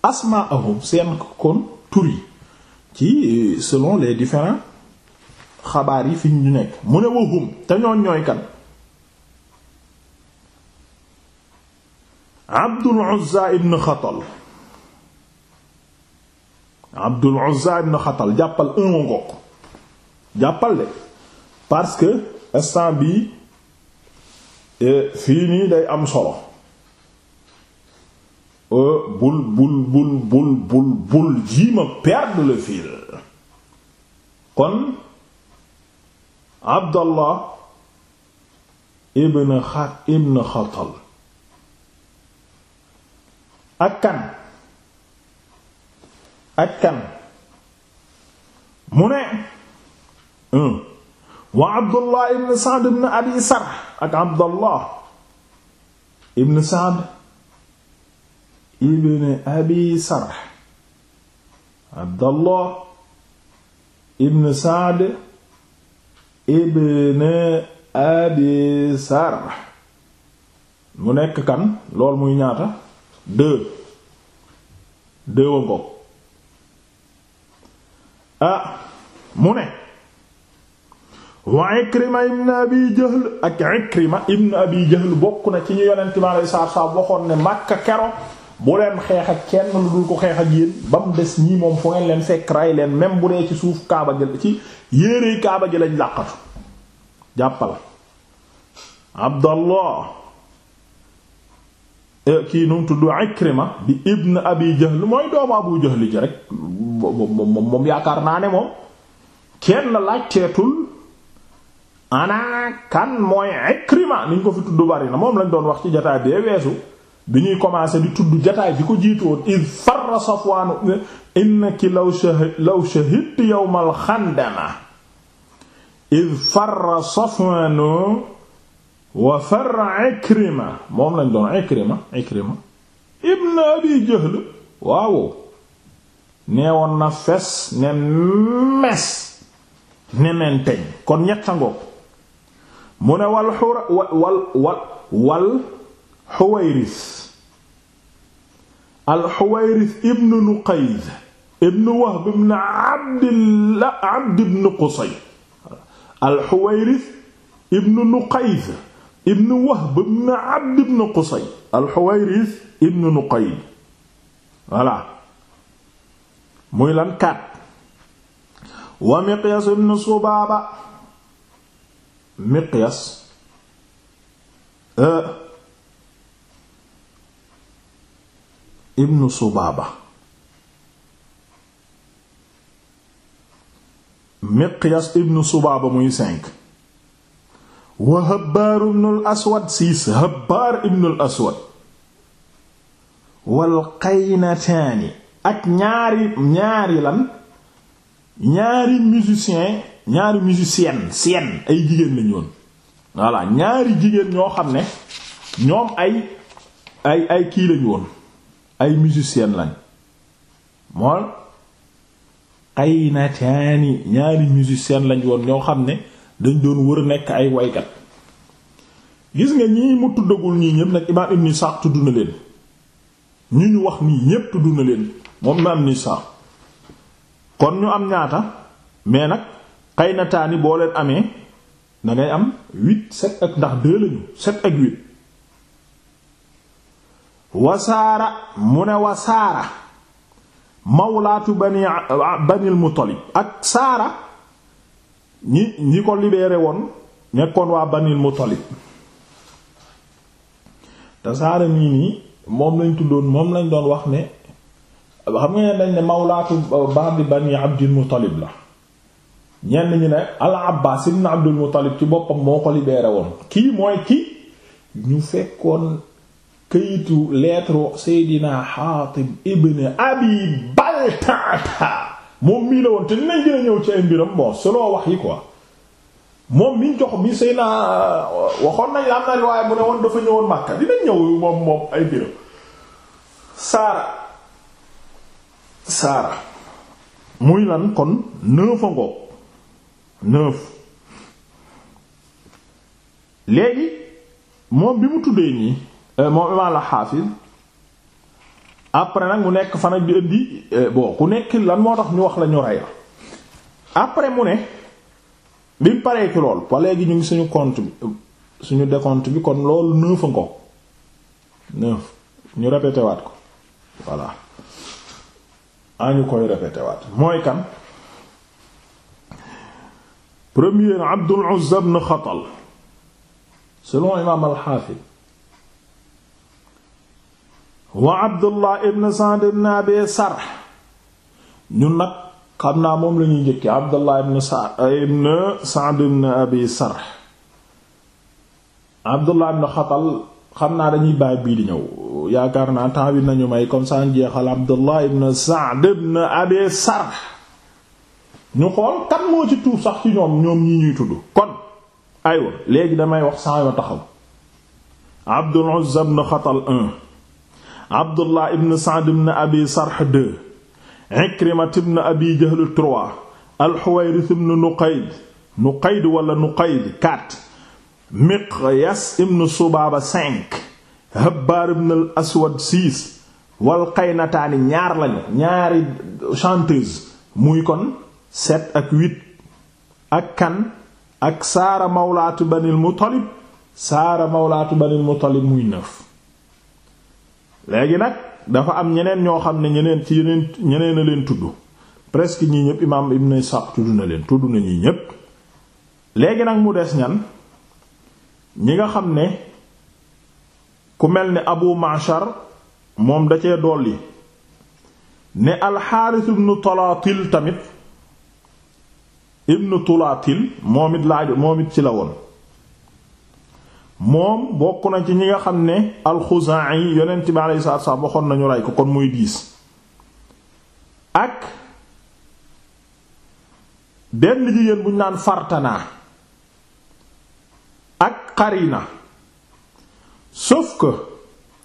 asma ahum seen kon tur yi ci selon les différents xabaar yi fi ñu nekk mu ne wahum te ñoo ñooy kan Abdul Uzza ibn Xatal Abdul Uzza ibn Xatal jàppal un ngook jàppal de parce que instant bii E, fii nii day am solo e, bul bul bul bul bul bul jiima perdre le fil kon Abdallah ibn xa ibn Xatal ak kan ak kan mu ne wa abdullah ibn saad ibn abi sarh ak abdullah ibn saad ibn abi sarh abdullah ibn saad ibn abi sarh mu nekk kan lool muy ñaata deux deux wa ah mu ne wa Ikrima ibn Abi Jahl ak Ikrima ibn Abi bokk na ci ñu yonent mi alayhi salaatu salaam waxoon ne Makka kero bu leen xeex ak kenn lu dul ko xeex ak ba mu des ñii moom fu ngeen leen fekk ray leen même bu dee ci suuf Kaaba gi ci Kaaba gi lañ làqatu jàppal Abdallah eh, kii nu mu tudd Ikrima ibn Abi mooy doomu Abu ji rek moom yaakaar naa ne moom kenn laajteetul ana kan mooy Ikrima niñ ko fi tudd bari na moom lañ doon wax ci jataay bee weesu bi ñuy commencé di tudd jataay bi ko jiitoon id farra Safwaanu innaki law shahid law shahidtu yawmal xandama id farra Safwaanu wa farra Ikrima moom lañ doon Ikrima Ikrima ibn Abi Jahl waaw neewoon na fes ne mes ne menteñ kon ñetta ngoog mu ne wal xura wal wal wal xuwayris al xuwayris ibnu nuqayd ibnu wahb ibnu abdillah abd ibnu qusay al xuwayris ibnu nuqayd ibnu wahb ibnu abd ibnu qusay al xuwayris ibnu nuqayd voilà muy lan kat wa miqyas ibnu subaaba miqyas euh, ibnu subaaba miqyas ibnu subaaba muy cinq wa habbaar ibnul aswad six habbaar ibnul aswad wal qaynataani ak ñaari ñaari lan ñaari musicien ñaari musicienne seen ay jigéen lañu woon voilà ñaari jigéen ñoo xam ne ñoom ay ay ay kii lañu woon ay musicienne lañ mool qaynataani ñaari musicienne lañ woon ñoo xam ne dañ doon wër nekk ay waykat gis nga ñii mu tuddagul ñii ñépp nag imaam ibn Isaaq tudd leen ñu ñu wax nii ñépp tudd leen moom imaam ibn Isaaq kon ñu am ñaata mais nag qaynataani boo leen amee dangay am huit sept ak ndax deux lañu sept ak huit wasaara mu ne wasaara mawlaatu bani banil muttalib ak saara ñi ñi ko libéré woon nekkoon waa banil muttalib te saara nii nii moom lañ tuddoon moom lañ doon wax ne xam nga ne dañ ne mawlaatu ba'd bani abdil muttalib la ñenn ñu ne al Abbaas ibn Abdul Muttalib ci boppam moo ko libéré woon kii mooy kii ñu fekkoon këyitu lettre Seydina Xaatib ibn Abi Baltaata moom mii la woon te dinañ gën a ñëw ci ay mbiram bon selon wax yi quoi moom miñ jox mi Seydina waxoon nañ la am na riwaaya bu ne woon dafa ñëwoon Makka dinañ ñëw moom moom ay mbiram Saara Saara muy lan kon nëfa ngoog neuf léegi moom bi mu tuddee nii euh, moom imaam al-Hafiz après nag mu nekk fan ak di indi euh, ku nekk lan moo tax ñu wax la ñu rey la après mu ne bi mu paree ci lool ba léegi ñu ngi suñu compte bi suñu décompte bi kon loolu neuf nga ko ñu répété ko voilà a ah, ñu koy répété waat mooy kan. premier Abdul Uzza Xatal selon imaam al wa Abdullah ibn Sa'd ibn Abi Sarh ñun nag xam naa moom lañuy ñuy njëkkee Abdullah ibn Sa'd ibn Abi Sarh Abdullah ibn Xatal xam naa dañuy bàyyi bii di ñëw yaakaar naa temps wi nañu may comme ça jeexal Abdullah ibn Sa'd ibn Abi Sarh ñu xool kan moo ci tuub sax ci ñoom ñoom ñi ñuy tudd kon aywa léegi damay wax saa taxaw Abdul Uzza ibn Xatal 1 Abdullah ibn Sa'd ibn Abi Sarh 2 Ikrimah ibn Abi Jahl 3 Al-Huwayrith Nuqayd Nuqayd wala Nuqayd 4 Miqyas ibn Subaaba 5 Habbaar aswad 6 wal ñaar lañu ñaari chanteuse muy kon set ak huit ak kan ak saara mawlaatu banil muttalib saara mawlaatu banil muttalib muy neuf léegi nag dafa am ñeneen ñoo xam ne ñeneen ci yeneen ñeneen a leen tudd presque ñii ñépp imaam ibn Sa'd tudd na leen tudd na ñii ñépp léegi nag mu des ñan ñi nga xam ne ku mel ni Abu Ma'shar moom da cee dolli ne al Harith ibn tamit ibnu tulaatil moom it laaj moom it ci la woon moom bokk nañ ci ñi nga xam ne alxuzaa'i yonent bi alayhi salaatu wassalaam waxoon nañu rey ko kon muy diis ak benn jigéen bu ñu naan fartanaa ak xarina sauf ko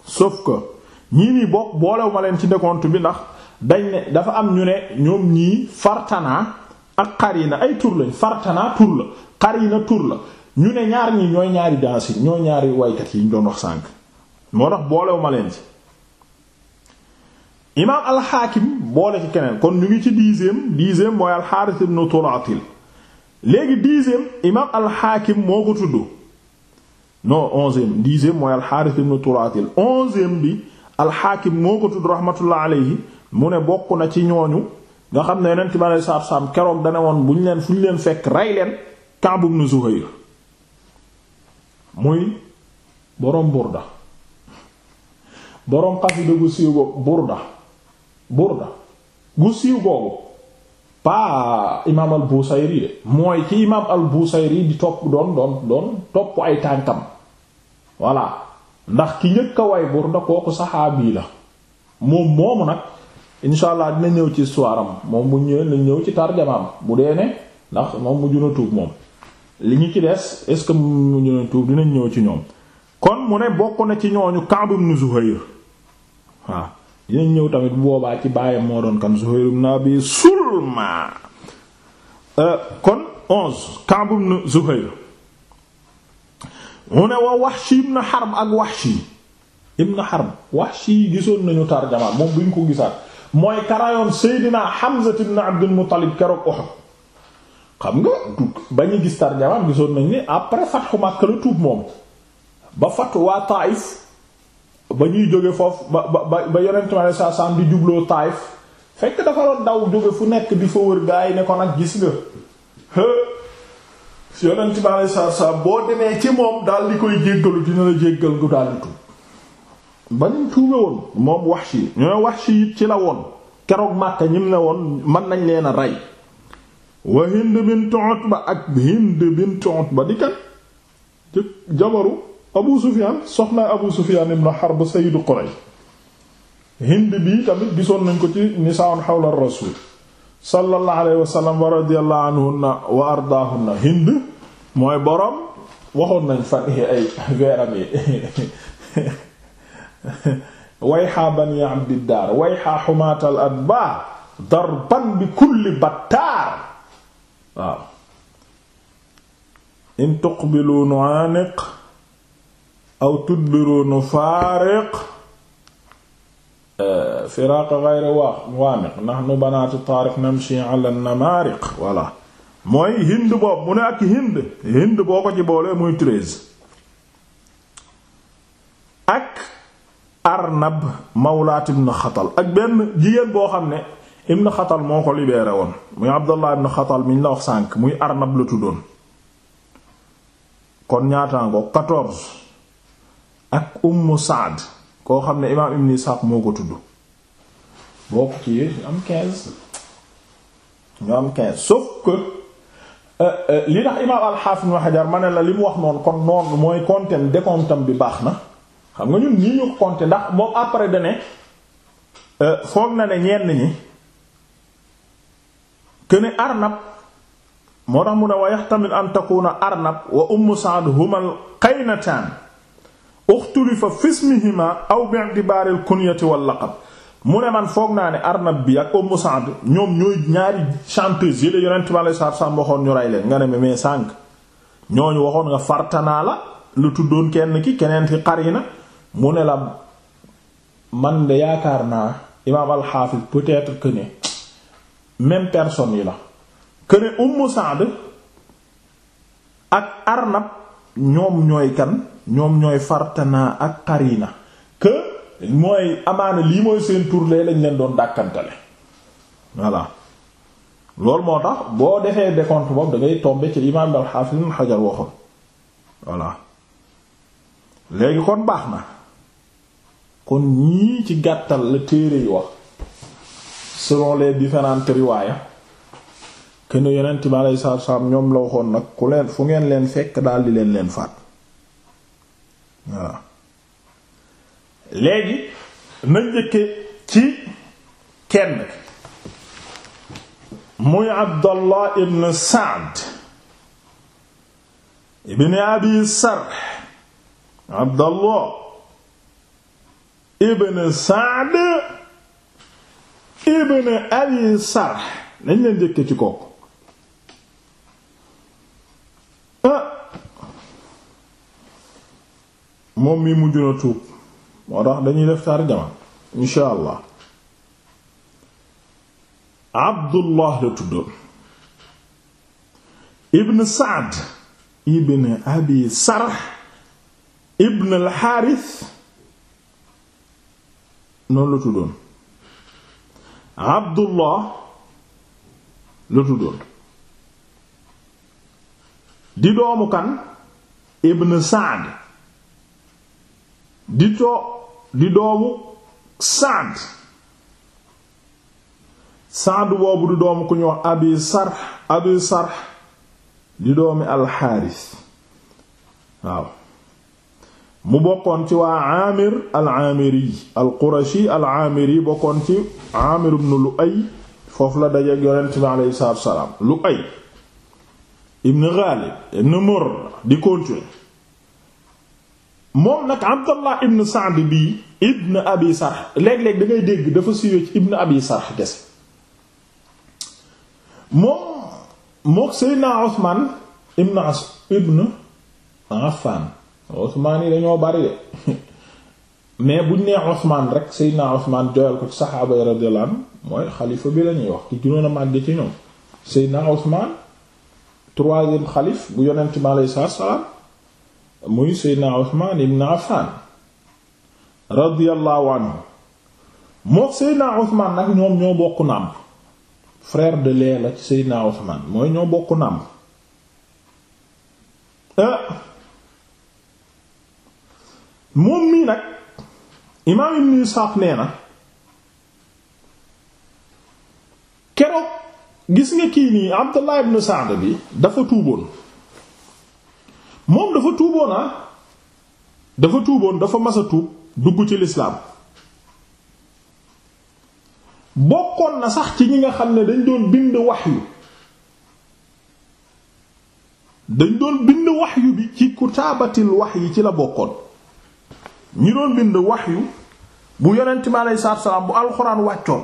sauf ko ñii nii bokk boolewuma leen ci décompte bi ndax dañ ne dafa am ñu ne ñoom ñii fartanaa ak na ay tur lañ fartana tur la qarina tur la ñu ne ñaar ñi ñooy ñaari danse yi ñooy ñaari waykat yi ñu doon wax sànk moo tax boolewu ma leen ci imaam alxaakim boole ci keneen kon ñu ngi ci dixième dixième mooy alxaaris ibnu léegi dixième imaam alxaakim moo ko tudd non onzième dixième mooy alxaaris ibnu bi alxaakim moo ko tudd raxmatullah alayhi mu ne bokk na ci ñooñu nga xam ne yonent bi aleyhi salaatu keroog dana woon bu ñu leen fu ñu leen fekk rey leen Ka'b ibn Zuhayr muy boroom burda boroom xasida gu siiw burda burda gu siiw googu paa imaam al de mooy ci imaam al di topp doon doon doon topp ay tànkam voilà ndax ki njëkk a way burda kooku saxaabi la moom moomu nag incha allah dina ñëw ci soiram moom bu ñëwee nañ ñëw ci tarjamaam bu dee ne ndax moom mujj na tuub moom li ñu ci des est ce que mujj na tuub dinañ ñëw ci ñoom kon mu ne bokk na ci ñooñu Ka'b ibn Zuhayr waaw dinañ ñëw tamit bu boobaa ci baayam moo doon kan Zuhayr ibn Abi Sulma euh, kon onze Ka'b ibn Zuhayr mu ne wa Wahshi ibn Harb ak Wahshi ibn Harb Wahshi gisoon nañu tarjamaam moom buñ ko gisaat mooy karayoon Seydina Hamza ibn Abdul Muttalib keroog Uhud xam nga ba ñu gis tarjamaam gisoon nañ ni après fatxu Makka la tuub moom ba fatxu waa Taayif ba ñuy jóge foofu ba ba ba yonent ma saa saam di jubloo Taayif fekk dafa doon daw jóge fu nekk di fa wër gaa yi ne ko gis nga yonent ma saa saa boo demee ci moom daal di koy jéggalu dina la jéggal gu daal tuub ba ñu tuube woon moom Wahshi ñoo Wahshi it ci la woon keroog Màkka ñim ne woon mën nañ leen a rey wa Hind bint Utba ak Hind bint Utba di kat jabaru Abu Sufyaan soxna Abu Sufyaan ibn Harb sayyidu Quraysh Hind bii tamit gisoon nañ ko ci nisaa'un hawla rasuul sallallahu alayhi wa sallam wa radiyallahu anhunna wa ardaahunna Hind mooy boroom waxoon nañ fan ay veeram yi wayhaa bani abdiddaar wayhaa xumaatal adbaar darban bi kulli battaar waaw in tuqbilu nu'aaniq aw tudbiru nufaariq firaaqa ghayri waamiq nahnu banaatu taariq namshi ala namaariq voilà mooy hind boobu mu ne ak hind hind boo ko ci boolee muy treize ak Arnab mawlaat ibn Xatal ak benn jigéen boo xam ne ibn Xatal moo ko libeere woon muy Abdallah ibn Xatal mi la wax sànk muy Arnab la tuddoon kon ñaataango 14 ak Ummu Saad koo xam ne imaam Ibn Isaaq moo ko tudd boo ko ci ñu am 15 ñu am 15 sauf que euh, euh, li tax imaam al-Hafiz Ibn ma ne la li mu wax noonu kon noonu mooy konten décomptam bi baax na xam nga ñun ñii ñu compter ndax moom après da ne euh, foog na ne ñenn ñi que ne Arnab moo tax mu ne wa yaxtamil an takuna Arnab wa Umm Sa'd humal qaynatan uxtulifa fi ismihima aw bi'tibaar al kunyati wal laqab mu ne man foog naa ne Arnab bi ak Umm Sa'd ñoom ñooy ñaari chanteuse yi la yonent ma lay saar sam waxoon ñu rey leen nga ne ma mais sànq ñooñu waxoon nga fartanaa la lu tuddoon kenn ki keneen ki xar yi na mu ne la man de yaakaar naa imaam alxaafis peut-être que ne même personne yi la que ne Umm Saad ak Arnab ñoom ñooy kan ñoom ñooy Fartana ak Qarina que mooy amaana lii mooy seen tur lee lañ leen doon dàkkantale voilà loolu moo tax boo defee décompte boobu da ngay tomber ci imaam alxaafis Ibn Hajar waxoon voilà léegi kon baax na. kon ñii ci gàttal la téere yi wax selon les différentes riwaaya kenn yonent bi aleyhi salaatu salaam ñoom la waxoon nag ku leen fu ngeen leen fekk daal di leen leen faat waaw léegi na njëkke ci kenn muy Abdallah ibn Saad ibn Abi Sarh Abdallah ibn Sa'd ibn Abi Sarh nañ leen njëkke ci kooku ah, moom mi mujj na tuub moo tax dañuy def tarjama insha Abdullah la tuddoon ibn Sa'd ibn Abi Sarh ibn al noonu la tuddoon Abdullah la tuddoon di doomu kan ibn Saad di too doomu Saad Saad boobu di doomu ku ñu wax Abi Sarh Abi Sarh di doomi alxaaris waaw mu bokkoon ci waa amir al-amiri al-qurashi al-amiri bokkoon ci amir ibn lu'ay foofu la dajeek yonent bi aleyhi salaatu salaam lu'ay ibn ghalib ibn murra di continuer moom nag abdallah ibn sa'd bi ibn abi sarh léeg-léeg da dégg dafa siiwee ci ibn abi sarh des moom mook seydna usman ibn as ibn affan Usmaan yi dañoo bari de mais buñ nee Usmaan rek Seydina Usmaan jooyal ko saxaaba yi radiyallahu mooy xalifa bi lañuy wax ki gënoon a màgg ci ñoom Seydina Usmaan troisième xalif bu yonent mi alayhi salaatu salaam muy Seydina Usmaan ibn Affaan radiyallahu anhu mook Seydina Usmaan nag ñoom ñoo bokk nàmp frère de lait la ci Seydina Usmaan mooy ñoo bokku nàmp euh, moom mii nag imaam ibn Isaaq nee na keroog gis nga kii nii Abdullah ibn Sa'd bi dafa tuuboon moom dafa tuuboon ah dafa tuuboon dafa mas a tuub dugg ci lislaam bokkoon na sax ci ñi nga xam ne dañ doon bind wahyu dañ doon bind wahyu bi ci ku wax wahyi ci la bokkoon ñi doon bind wahyu bu yonent bi aleyhi salaatu salaam bu alxuraan wàccoon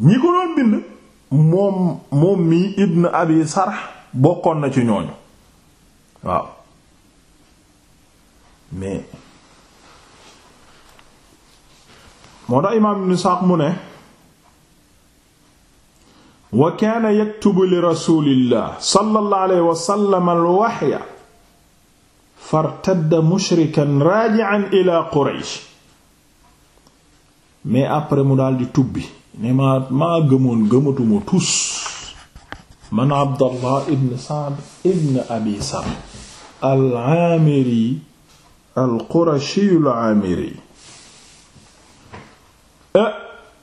ñi ko doon bind moom moom mii ibn abi sarh bokkoon na ci ñooñu waaw mais moo tax imaam ibn Isaaq mu ne wa kaana yaktubu li rasuulillah sallallahu alayhi wa sallam al fartadda mushrikan raaji'an ila Quraysh mais après mu daldi tubbi ne ma gëmoon gëmatuma tus man Abdallah ibn Sa'd ibn Abi Sarr al qurashi al-Aamiri euh,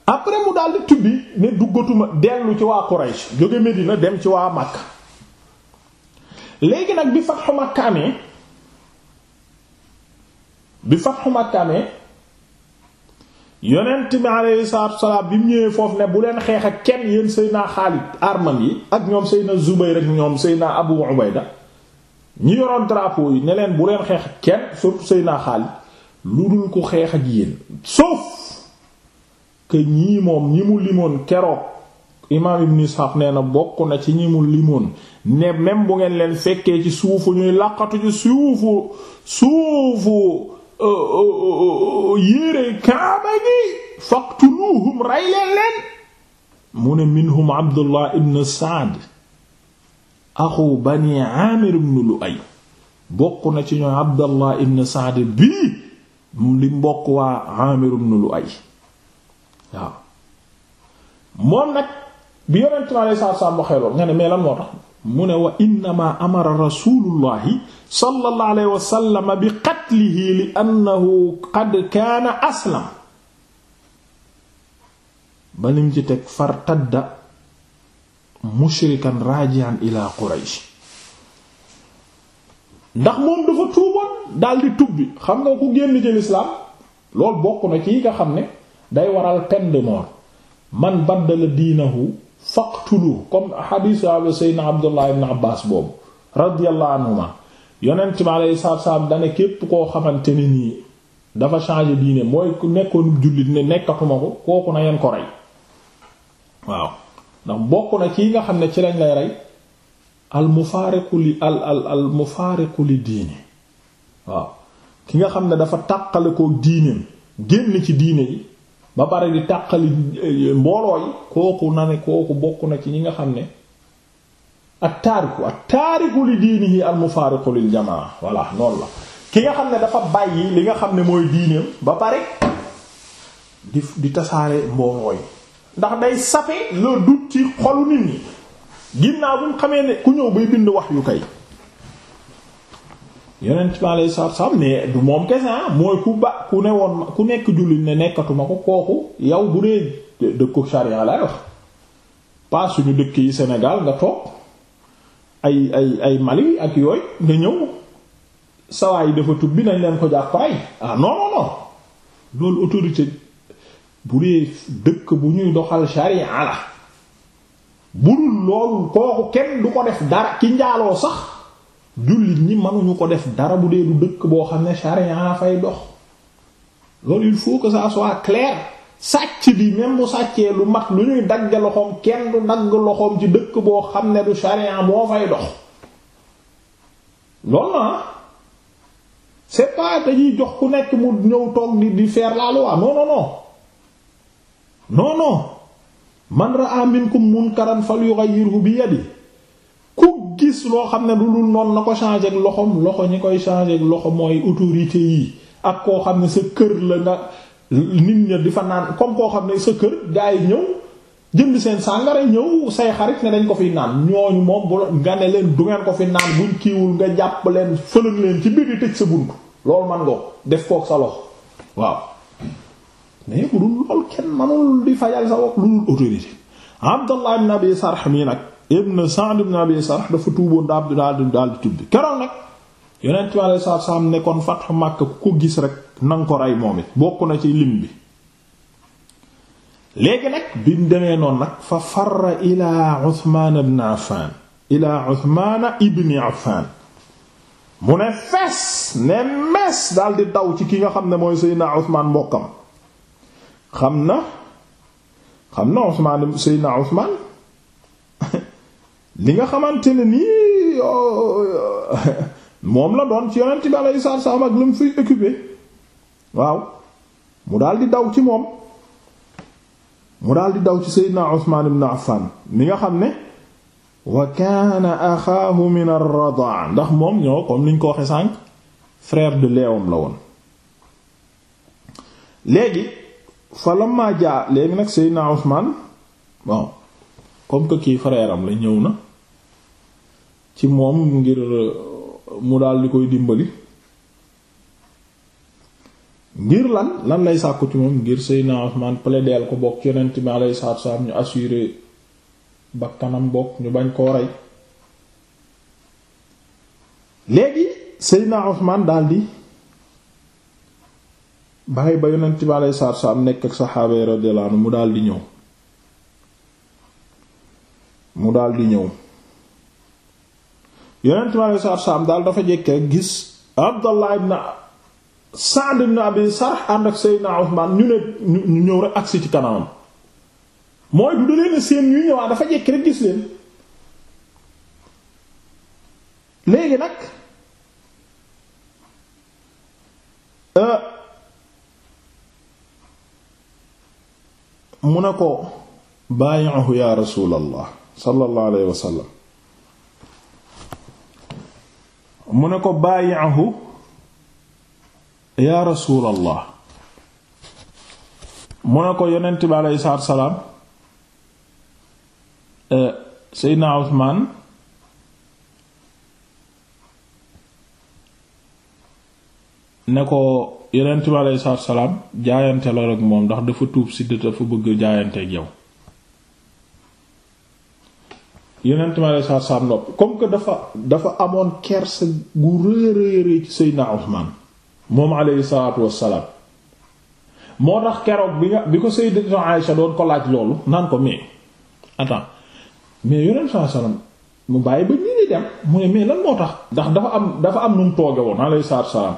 après mu daldi tubbi ne duggatuma dellu ci waa Quraysh jóge Medina dem ci waa Makka léegi nag bi Fathu Makka amee bi fatxu Makka amee yonent bi alayhi salaatu bi mu ñëwee foofu ne bu leen xeex ak kenn yéen Seydina Xaalid armam yi ak ñoom Seydina Zubayr rek ñoom Seydina Abu Ubayda ñi yoroon drapeau yi ne leen bu leen xeex ak kenn surtout Seydina Xaalid lu dul ko xeex ak yéen sauf que ñii moom ñi mu limoon keroog imaam ibn Ishaq nee na bokk na ci ñi mu limoon ne même bu ngeen leen fekkee ci suufu ñuy laqatu ci suufu suufu Euh, euh, euh, yére kaaba gi faqtuluhum rey leen leen mu ne minhum abdullah ibn saad axu bani amir ibn lu'ay bokk na ci ñooy abdallah ibn saad bii li mbokk waa amir ibn lu'ay waaw moom nag bi yonent mi alayhi waxee lool nga ne mais lan moo tax mu ne wa innama amara rasulullahi sallallahu alayhi wa sallam bi qatlihi li annahu qad kaana aslam banim ci teg fartadda mushrikan rajian ila quraysh ndax moom dafa tuuboon daldi tubbi xam nga ku génn ci lislaam loolu bokk na ci nga xam ne day waral peine de man baddala diinahu faqtulu comme xadiis aba seydna abdullah ibn abbas boobu radiyallahu anhuma yonent bi alayhi salaatu salaam dana képp koo xamante ne nii dafa changé diine mooy ku nekkoon jullit ne nekkatuma ko kooku na yeen ko rey waaw ndax bokk na ci nga xam ne ci lañ lay rey al mufaariqu li al al diine waaw ki nga xam ne dafa tàqale koo diineem génn ci diine yi ba pare di tàqali eh, mbooloo kooku na ne kooku bokk na ci ñi nga xam ne ak taariku ak taariku li diinihi al mufaariqu lil jamaa voilà noonu la ki nga xam ne dafa bàyyi li nga xam ne mooy diineem ba pare di di tasaare mbooloo ndax day sape le doute ci xolu nit ñi ginnaaw bu ñu xamee ne ku ñëw bay bind wax yu kay yonent bi alayhi salaatu salaam du moom kese ah mooy ku ba ku ne woon ku nekk jullit ne nekkatuma ko kooku yow bu dee dëkku sharia suñu dëkk yi Sénégal nga toog ay ay ay ak yooyu nga ñëw sawaay dafa tubbi nañ leen ko jàpp rey ah non bu dee dëkk bu ñuy doxal sharia la budul loolu kooku kenn du ko def dara ki njaaloo sax jullit ñi mënuñu ko def dara bu dee du dëkk boo xam ne charia fay dox loolu il faut que ça soit clair sàcc bi même bu sàccee lu mat lu ñuy dagge loxoom kenn du dagg loxoom ci dëkk boo xam ne du charia moo fay dox loolu na ah. c'est pas dañuy jox ku nekk mu ñëw toog di di faire la loi non non non non non man ra'a minkum munkaran falyughayyirhu bi gis loo xam ne lu dul na ko changer ak loxo ñi koy changer loxo mooy autorité yi ak koo xam ne sa kër la nga di fa naan comme koo xam ne sa kër gaa yi ñëw seen sàngara ñëw say xarit ko fi naan ñooñu moom leen du ngeen ko fi naan buñ jàpp leen leen ci biir tëj sa bunt loolu man def kook sa loxo waaw mais bu dul lool kenn manul di fajal sa wokk lu dul autorité Abdallah ibn Abi Sarh nag ibn Sa'd ibn Abi Sarh dafa tuuboon daal di daal di daal di tubbi keroog nag yonent bi alayhi salaatu salaam nekkoon fatxu Makka ku ko gis rek nanga ko rey moom it bokk na ci lim bi léegi nag bi mu demee noonu nag fa farra ilaa Usmaan ibn Affaan ilaa Usmaan ibn Affaan mu ne fees ne mes daal di daw ci ki nga xam ne mooy Seydina Usmaan mbokkam xam na xam na Usmaan Seydina Usmaan li nga xamante ne nii moom la doon ci yonent bi alayhi salaatu ak lu mu fiy occupé waaw mu daal di daw ci moom mu daal di daw ci Seydina Usmaan ibn Affan mi nga xam ne wa kaana axaahu min ar-radaa ndax moom ñoo comme niñ ko waxe sànq frère de leewam la woon léegi fa lamma jaa léegi nag Seydina Usmaan bon comme que kii frère la ñëw na ci moom ngir euh, mu daal di koy dimbali ngir lan lan lay sàkku ci moom ngir Seydina Usmaan plaideel ko bokk yonent bi alayhi salaatu salaam ñu assuré bakkanam bokk ñu bañ koo rey léegi Seydina Usmaan daldi bàyyi ba yonent bi alayhi salaatu salaam nekk ak saxaaba yi radiyallahu anhu mu daldi ñëw mu daldi ñëw yonent mi alayhi salaatu wasalaam daal dafa jekk rek gis Abdallah ibn Sa'd ibn Abi Sarh ànd ak Seydina Usmaan ñu ne ñu ñëw rek ci kanamam mooy du daleen seen ñu ñëwaat dafa jekk rek gis leen léegi nag euh, mu ne ko bàyyihu ya rasuulallah sallallahu alayhi mu ne ko bàyyaahu yaa rasuulallah mu ne ko yonent bi aleyhi salaatu salaam e, seydna Usmaan ne ko yonent bi aleyhi salaatu salaam jaayante la rek moom ndax dafa tuub si dafa bëgg jaayanteeg yow yeneen tamit saa saa comme que dafa dafa amoon kersa gu réeréeréer ci Seydina Usmaan moom aleyhi moo tax keroog bi nga bi ko Seydina ko laaj loolu naan ko mais attends mais yeneen mu bàyyi ba ñu mu ne lan moo tax. dafa am dafa am nu mu tooge woon aleyhi salaatu wassalaam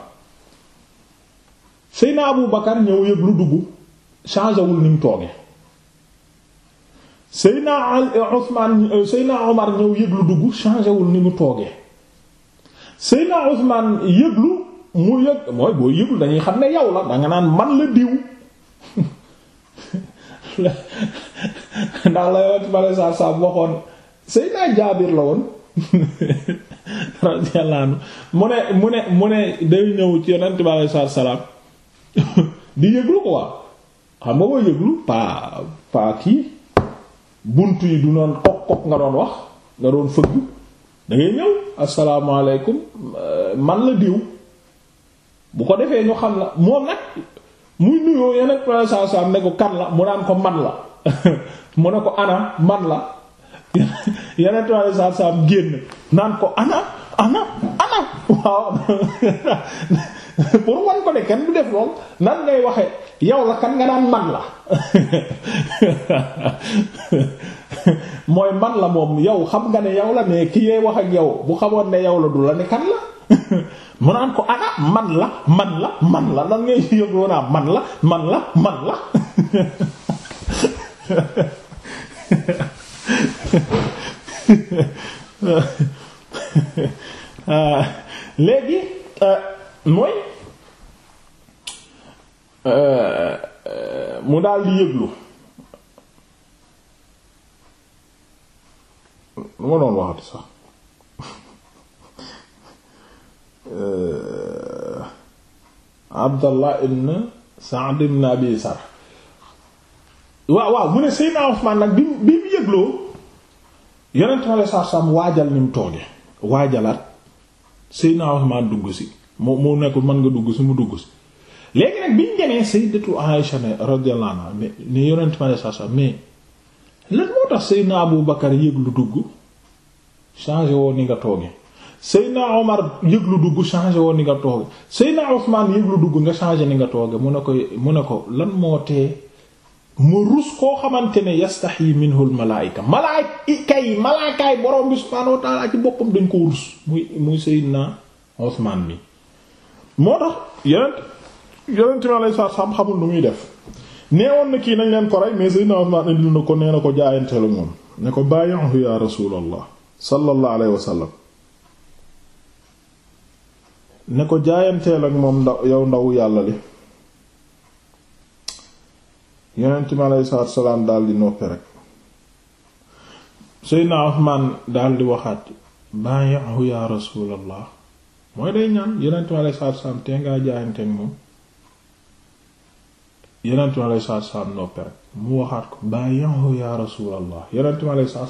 Seydina Abu Bakar ñëw yëg lu dugg changé wul ni mu tooge. Seyna eh, Ousmane eh, Seyna Omar ñëw yëglu dugg changé wul ni mu toogee Seyna Ousmane yëglu mu yëg mooy boo yëglu dañuy xam ne yow la danga naan man la diw ndax la yow bale saab saab waxoon Seyna Jaabir la woon mu ne mu ne mu ne day ñëw ci yonent bi aley salaam di yëglu ko waa xam nga boo yëglu paa paa kii bunt yi du noon kok kok nga doon wax nga doon fëgg da ngay ñëw asalaamaaleykum euh, man la diw bu ko defee ñu xam la moom nag muy nuyoo yeneen saa saa ne kan la mu naan ko man la mu ne ko ana man la yeneen saa saa génn naan ko ana ana ana waaw pour wan ko ne kenn du def lool nan ngay waxe yow la kan nga naan man la mooy man la moom yow xam nga ne yow la ne ki yee wax ak yow bu xamoon ne yow la du la ne kan la mu naan ko ana man la man la man la nan ngay yëgoo man la man la man la ah, léegi euh, mooy euh, euh, mu daal di yëglu lu ma doon sax euh, Abdallah ibn Sa'd ibn Abi Sarh waaw waaw mu ne Seydina nag bi bi mu yëgloo yonent ma la saar sam waajal ni mu tooge waajalaat Seydina dugg si moo moo nekkul mën nga dugg si mu dugg si léegi nag biñ demee sayyidatu Aisha ne radiyallahu anha mais yonent ma ne saa mais lan moo tax Seydina Abu Bakar yëg lu dugg changé woo ni nga toogee Seydina Omar yëg lu dugg changé woo ni nga toogee Seydina Ousmane yëg lu dugg nga changé ni nga toogee mu ne ko mu ne ko lan moo tee mu rus koo xamante ne yastaxyi minhu al malaayika malaayika yi malaakaay borom bi subhaanahu wa ta'aala ci dañ ko rus muy muy Seydina Ousmane mi moo tax yeneen yeneen tamit lay saa sàmm xamul nu muy def woon na kii nañ leen ko rey mais Seydina Usmaan indil na ko nee na ko jaayanteelu moom ne ko bàyyihu ya rasulallah sallallahu alayhi ko jaayanteel ak moom ndaw yow ndaw yàlla li yonent mi aleyhi salaatu salaam daal di noppi rek Seydina Usmaan daal di waxaat bàyyihu ya rasulallah mooy day ñaan yeneen time alay saab saab te ngaa jaayanteek moom yeneen time alay saab saab noppe rek mu waxaat ko bàyyanhu yaa rasuulallah yeneen alay saab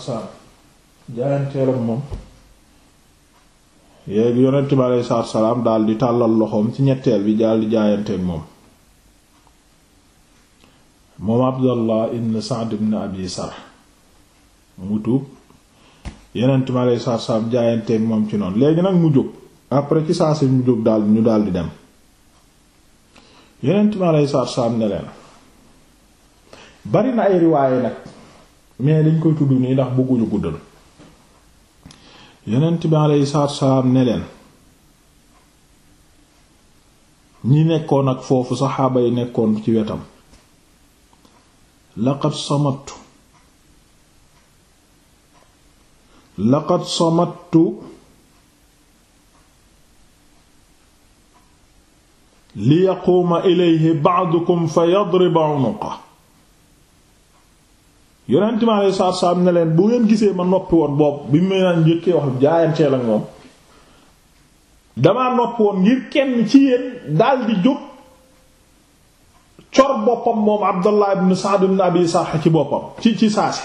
saab moom tàllal loxoom ci ñetteel bi daal di jaayanteeg moom moom Abdallah ibn Sa'd ibn Abi Sarh mu tuub yonent bi aleyhi salaatu moom ci noonu léegi nag mu jóg après ci saa jóg daal ñu daal dem yeneen mi aleyi saatu salaam ne leen bari na ay riwaaye nag mais dañ koy tudd nii ndax bëgguñu guddal yeneen mi aleyi saatu salaam ne leen ñi nekkoon ak foofu saxaaba nekkoon ci wetam laqad samattu laqad samattu li yaquuma ilayhi ba'dukum fa yadriba unuqa yonent mi alayhi salaatu salaam bu ngeen gisee ma noppi woon boobu bi mu naan njëkkee wax jaayanteel ak moom damaa noppi woon ngir kenn ci yéen daldi jóg cor boppam moom Abdallah ibn Sa'd ibn Abi Sarh ci boppam ci ci saasi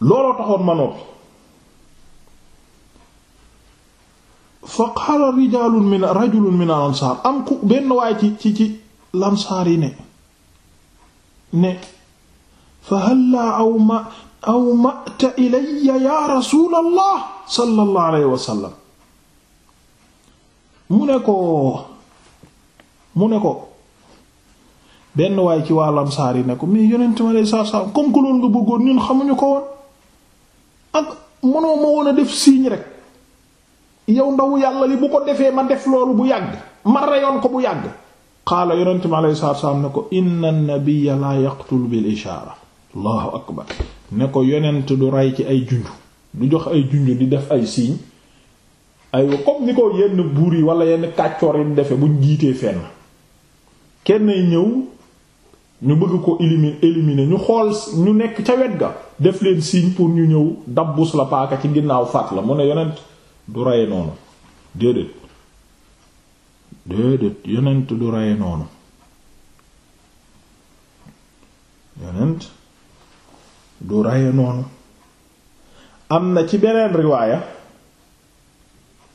looloo taxoon ma noppi fa qaala rijaalun min rajulun min ansaar am ku benn waay ci ci ci lamsaar yi ne ne fa halla aw ma aw mata ilayya ya mu ne ko mu ne ko benn waay ci waa lamsaar yi ne ko mais yonent mi alayhi salaatu salaam bëggoon ñun xamuñu ko woon ak mënoo ma woon a def signe rek yow ndaw yàlla li bu ko defee ma def loolu bu yàgg ma reyoon ko bu yàgg qaala yonente mi aleyhi salaatu salaam ne ko inna nabiyya laa yaqtul bil ishaara allahu akbar ne ko yonent du rey ci ay junju du jox ay junju di def ay signe ay comme ni ko yenn buur yi wala yenn kàccoor yi defe ñu jiitee fenn kenn ñëw ñu bëgg ko éliminer éliminer ñu xool ñu nekk ca wet ga def leen signe pour ñu ñëw dabbus la paaka ci ginnaaw faat la mu ne yonent du rey noonu déedéet déedéet yonent du raye noonu yonent du raye noonu am na ci beneen riwaaya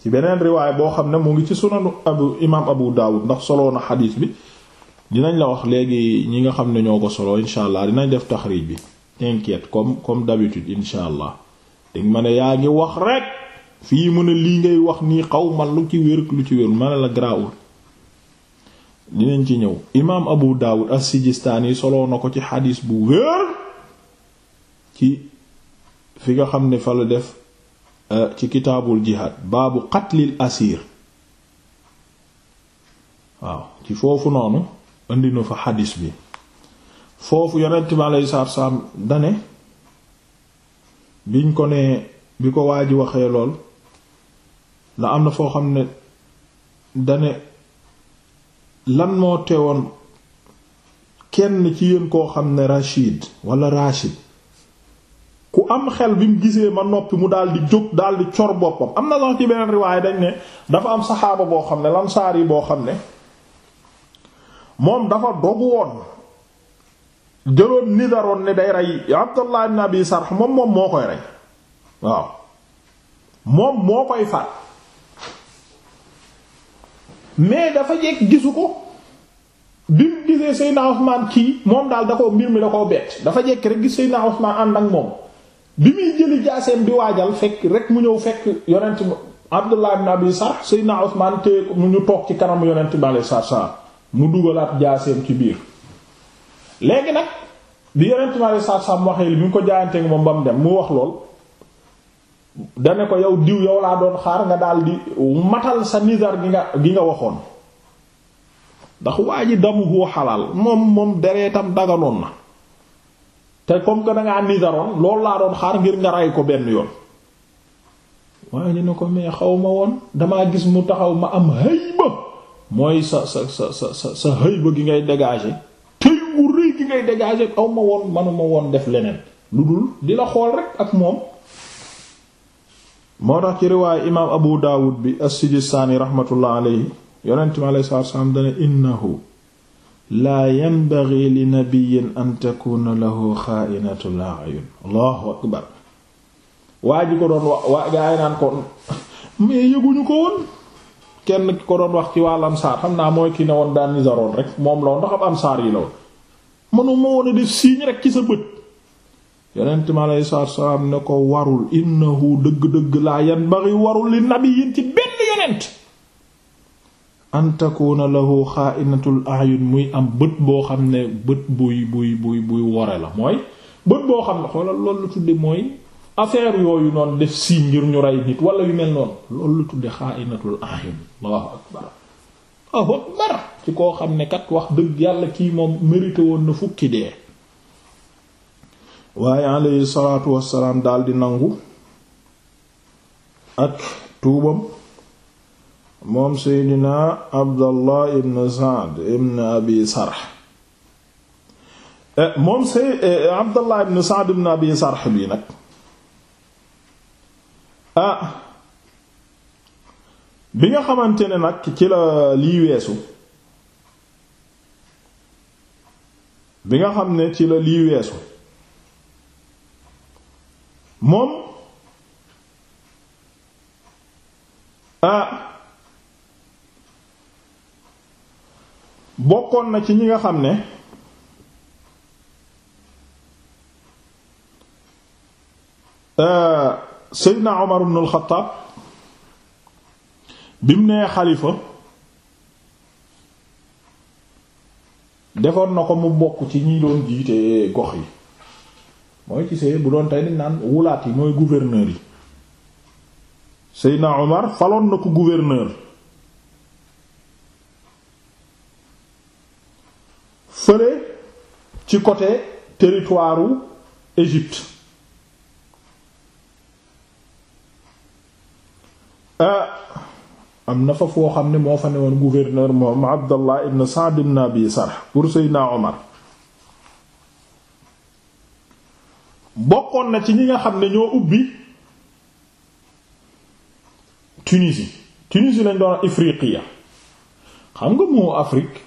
ci beneen riwaaya boo xam ne mu ngi ci sunanu abu imaam abu daawud ndax solo na xadiis bi dinañ la wax léegi ñi nga xam ne ñoo ko solo insha dinañ def taxriij bi t'inquiète comme comme d'habitude insha allah ma ne yaa ngi wax rek fii mu ne lii ngay wax nii xaw man lu ci wér lu ci wér ma ne la garaawul dinañ ci ñëw imaam abu daawud as-sijistaani soloo na ko ci xadiis bu wér ci fi nga xam ne fa la def euh, ci kitaabul jihaad baabu qatlil asiir waaw ci foofu noonu indi na fa xadiis bi foofu yonent bi alayhi salaatu salaam dane biñ ko nee bi ko waa ji waxee lool ndax am na foo xam ne dane lan moo teewoon kenn ci yéen koo xam ne Rachid wala Rachid ku am xel bi mu gisee ma noppi mu daal di jóg daal di cor boppam am na sax ci beneen riwaay dañ ne dafa am saxaaba boo xam ne lansaar saari boo xam ne moom dafa dogu woon jëloon nidaroon ne day rey Abdullah ibn Abi moom moom moo koy rey waaw moom moo koy faat mais dafa jekk gisu ko bi mu gisee Seydina Usmaan kii moom daal da koo mbir mi da ko bett dafa jekk rek gis Seydina Usmaan ànd ak moom bi muy jëli jaaseem di waajal fekk rek mu ñëw fekk yonent Abdullah ibn Abi Sarh Seydina Usmaan te mu ñu toog ci kanam yonent bi alayhi salaatu salaam mu dugalaat jaaseem ci biir léegi nag bi yonent bi alayhi salaatu salaam waxee li bi mu ko jaayanteek moom ba mu dem mu wax lool dane ko yow diw yow laa doon xaar nga daal di matal sa nizar gi nga gi nga waxoon ndax waa ji damuhu xalaal moom moom deretam daganoon na te comme que dangaa nizaroon loolu laa doon xaar ngir nga rey ko benn yoon waaye ñu ko mais xaw ma woon damaa gis mu taxaw ma am hayba mooy sa sa sa sa sa gi ngay dégager tey wu rëy gi ngay dégager aw ma woon manuma woon def leneen lu dul di la xool rek ak moom moo tax ci riwaayu imaam abu daawud bi as-sijistaani raxmatullah alayhi yonent mi alayhi salaatu salaam laa yanbaghi li nabiyyin an takuna lahu xaa'inatul a'yun allahu akbar waa ji ko doon wax waa gaa yi naan ko mais yëguñu ko woon kenn ki ko doon wax ci wàll ansaar xam naa mooy ki ne woon daan nizaroon rek moom la woon ndax am yi la woon mënuma woon a def siiñ rek ci sa bët yonent mi aleyhi salaatu salaam ne ko warul innahu dëgg-dëgg laa yanbaghi warul li nabiyyin ci benn yonent an takuna lahu xaainatul ayun muy am bët boo xam ne bët buy buy buy buy wore la mooy bët boo xam ne xoolal loolu la mooy affaire yooyu noonu def si ngir ñu rey nit wala yu mel noonu loolu la tudde xaainatul ayun allahu akbar allahu akbar ci koo xam ne kat wax dëgg yàlla kii moom mérité woon na fukki dee waaye alayhi salaatu wassalaam daldi nangu ak tuubam moom seydina abdallah ibn saad ibn abi sarx eh, moom sey eh, abdallah ibn saad ibn abi sarx bii nag ah bi nga xamante ne nag ci la lii weesu bi nga xam ne ci la lii weesu moom ah bokkoon na ci ñi nga xam ne Seydina Omar ibn al-Khattab bi mu nee xalifa defoon na ko mu bokk ci ñi doon jiite gox yi mooy ci bu doon tey dañ naan wulaat yi mooy gouverneur yi Seydina Omar faloon na ko gouverneur fële ci côté territoire u Égypte euh, am na fa foo xam ne moo fa ne woon gouverneur moom Abdallah ibn Sa'd ibn pour Seydina Omar bokkoon na ci ñi nga xam ne ñoo ubbi Tunisie tunisi lañ doon wax Ifriqiya xam nga moo Afrique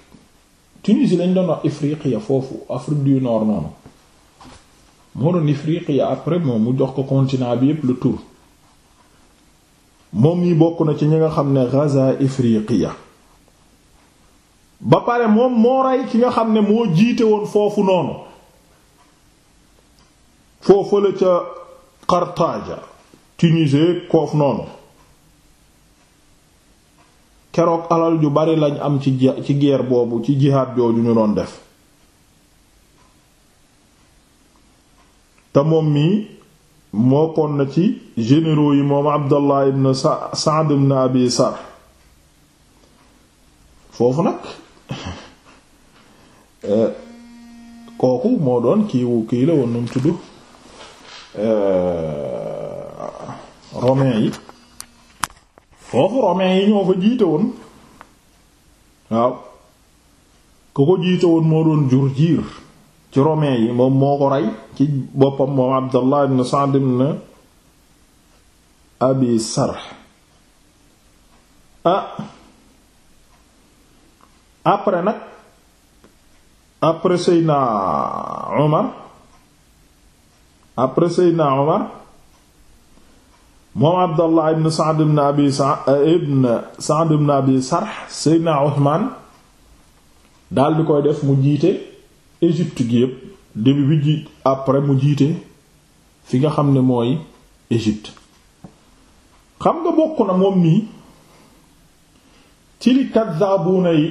Tunisie lañ doon wax Ifriqiya foofu Afrique du Nord noonu moo doon Ifriqiya après moom mu jox ko continent bi yëpp le tour moom ñi bokk na ci ñi nga xam ne Gaza Ifriqiya ba pare moom moo rey ki nga xam ne moo jiite woon foofu noonu foofu ca Carthage Tunisie koof noonu keroog alal ju bari lañ am ci ci boobu ci jihaad jooju ñu doon def te moom mii mokkoon na ci généraux yi moom Abdallah sa Sa'd ibn Abi Sarh foofu nag eh, kooku moo doon kiiwu kii la woon nu mu tudd Euh, romain yi foofu romain yi ñoo fa jiite woon waaw ku ko jiite woon moo doon jur jiir ci romain yi moom moo ko rey ci boppam moom Abdallah ibn Sa'd Abi Sarh ah après nag après Seydina Omar après Seydina Omar moom Abdallah ibn Sa'd ibn Abi eh, Sa'd ibn Abi Sarh di koy def mu jiite Égypte gi yépp début bi ji après mu jiite fi nga xam ne mooy Égypte xam nga bokk na moom nii ci li kazzabuna yi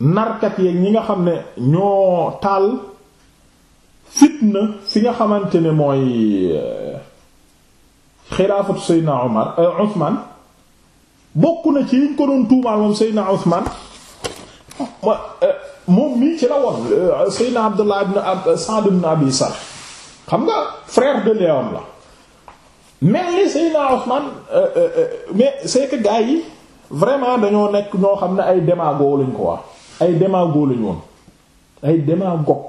narkat yeeg ñi nga xam ne ñoo taal fitna fi nga xamante ne mooy euh, xilaafatu Seydina Omar euh, Ousmane bokk na ci yiñ ko doon tuumaal moom Seydina Ousmane euh, moom mii ci la woon Seydina Abdullah ibn Sa'd ibn Abi Sarh xam nga frère de Léon la mel ni Seydina Ousmane mais c'est que yi vraiment dañoo nekk ñoo xam ne ay démagogues lañ ko wax ay démagogues lañ woon ay démagogues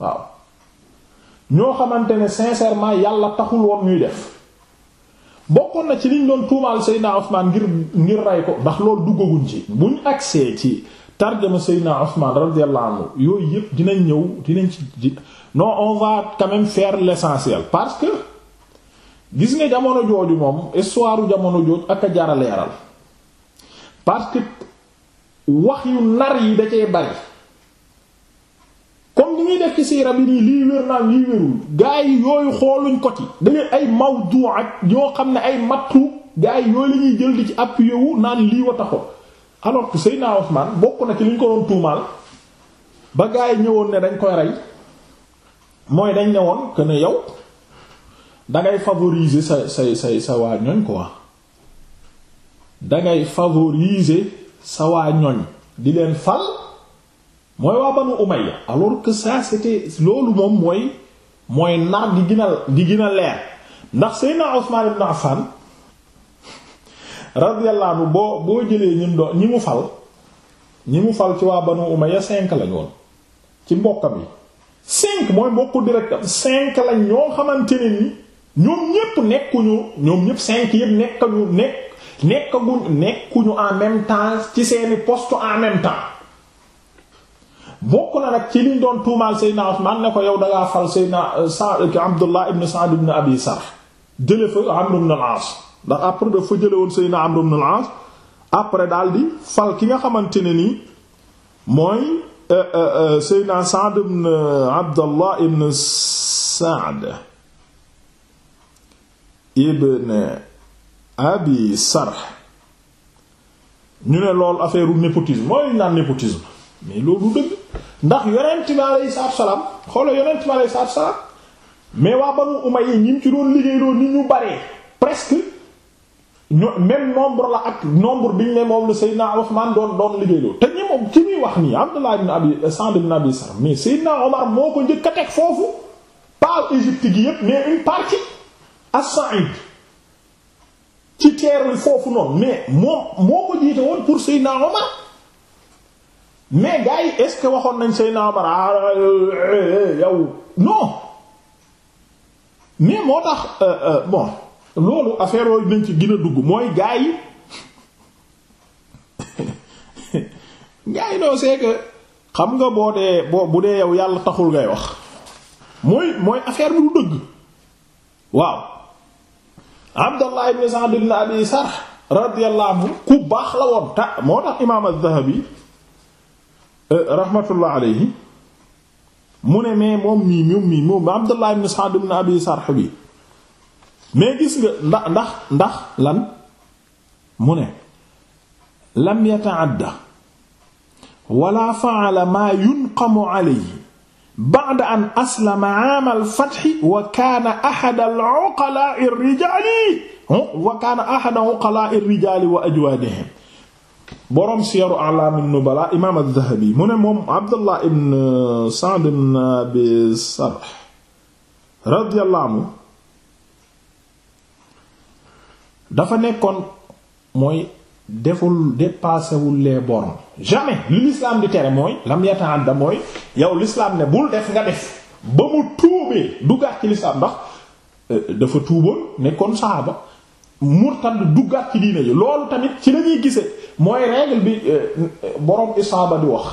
waaw ñoo xamante ne sincèrement yàlla taxul woon ñuy def bokkoon na ci liñ doon tuumaal Seydina Usmaan ngir ngir rey ko ndax loolu duggaguñ ci buñ agsee ci tarjama Seydina Usmaan radiyallahu anhu yooyu yëpp dinañ ñëw dinañ ci non on va fer même faire parce que gis nga jamono jooju moom histoire jamono jooju ak a jar a leeral parce que wax yu nar yi da bari comme ni ñuy def ci siira bi nii lii wér naan lii wérul gaa yi yooyu xooluñ ko ci dañuy ay mawdu ak yoo xam ne ay mattu gaa yooyu la ñuy jël di ci appuyé naan lii ko taxoon alors que Seydina Ousmane bokk na ci li ñu ko doon tuumaal ba gaa yi ñëwoon ne dañ koy rey mooy dañ ne woon que ne yow dangay favorise sa say say sa waa ñoñ quoi dangay favoriser sa waa ñoñ di leen fal. mooy waa banu umayya alors que ça c'était loolu moom mooy mooy nar di gën di gën a leer ndax Seydina Usman ibn Affan radiyallahu anhu boo boo jëlee ñi mu doon ñi mu fal ñi mu fal ci waa banu umayya cinq lañ woon ci mbokkam yi cinq mooy mbokku direct am cinq lañ ñoo xamante ne ni ñoom ñépp nekkuñu ñoom ñépp cinq yépp nekkañu nekk nekkaguñ nekkuñu en même temps ci seeni post en même temps bokk na nag ci liñ doon tuumaal Seydina Usmaan ne ko yow dangaa fal Seydina euh, Sa'd euh, Abdullah ibn Sa'd ibn Abi Sarh jële fa Amr ibn al-As ndax après dafa jële woon daal di fal ki nga xamante ne nii mooy euh, Seydina Sa'd ibn Abdullah ibn Sa'd ibn Abi Sarh ñu ne loolu affaire u népotisme mooy loolu du ndax yonent bi alayhi salaatu salaam xoolal yonent bi alayhi salaam mais waa Banu Umayya ñi mu ci doon liggéey doon ni ñu baree presque ño même nombre la ak nombre bi ñu ne moom la Seydina Ousmane doon doon liggéeyloo te ñi moom ci muy wax nii Abdullah ibn Abi Sa'd ibn Abi Sarr mais Seydina Omar moo ko njëkk a teg foofu pas Égypte gi yépp mais une partie as-Sa'id ci teeru foofu noonu mais moom moo ko jiite woon pour Seydina Omar mais gars yi est-ce que waxoon nañ Seydina Omar ah, eh, yow non mais moo tax euh, euh, bon loolu affaire yooyu nañ ci gën a dugg mooy gars yi gars yi non c'est xam nga boo dee boo bu dee yow yàlla taxul ngay wax mooy mooy affaire bi du dëgg waaw Abdallah ibn Sa'd ibn Abi Sarh radiyallahu ku baax la woon ta moo tax imaam Az-Zahabi Euh, rahmatullah alayhi mu ne mais moom mii moom mii moom Abdullah ibn Sa'd ibn Abi Sarh bi mais gis nga ndax ndax ndax lan mu ne lam yata'adda wala fa'ala ma yunqamu alayhi ba'da an aslama 'aam al-fath wa kaana ahad al-'uqala ar-rijaali wa kaana ahad uqala ar-rijaali wa ajwaadihim boroom siyaru alaamin nubala imaam az-Zahabi mu ne moom Abdullah ibn Sa'd ibn Abi Sarh dafa nekkoon mooy deful dépassewul les bornes jamais li l'islam di tere mooy lam yataanda mooy yow l'islam ne bul def nga def ba mu tuubee duggaat ci l'islam ndax euh, dafa tuuboon nekkoon saaba murtad duggaat ci diine ji loolu tamit ci la ñuy gise mooy règle bi euh, borom isaaba di wax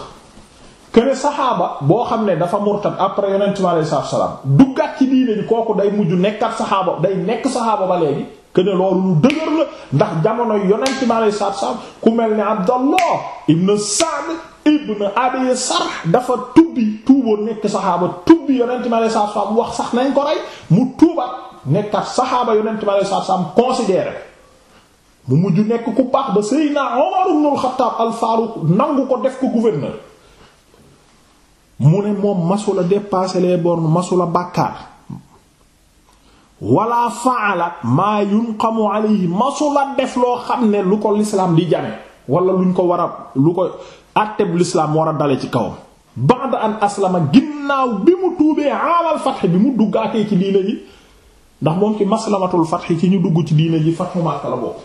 kene saxaaba boo xam ne dafa murtad après yonent bi alayhi salaatu salaam ci diine ji kooku day mujj nekkat saxaaba day nekk saxaaba ba léegi kene loolu lu dëgër ndax jamono yonent bi alayhi salaatu salaam ku mel ni Abdallah ibn Sa'd ibn Abi Sarh dafa tubbi tuuboo nekk saxaaba tubbi yonent bi alayhi salaatu salaam wax sax nañ ko rey mu tuubaat nekk ak saxaaba yonent bi alayhi salaatu salaam considéré mu mujj nekk ku baax ba Seydina Omar ibn al-Khattab al nangu ko def ko gouverneur mu ne moom masula dépasser les bornes masula bàkkaar wala faala maa yunqamu alayhi masula def loo xam ne lu ko lislaam di jame wala luñ ko war a lu ko àtteb lislaam war a dale ci kawam ba'da an aslama ginnaaw bi mu tuubee aamal fatx bi mu duggaatee ci diina yi ndax moom ci maslamatul fatxi ci ñu dugg ci diina ji fatxu Makka la bokk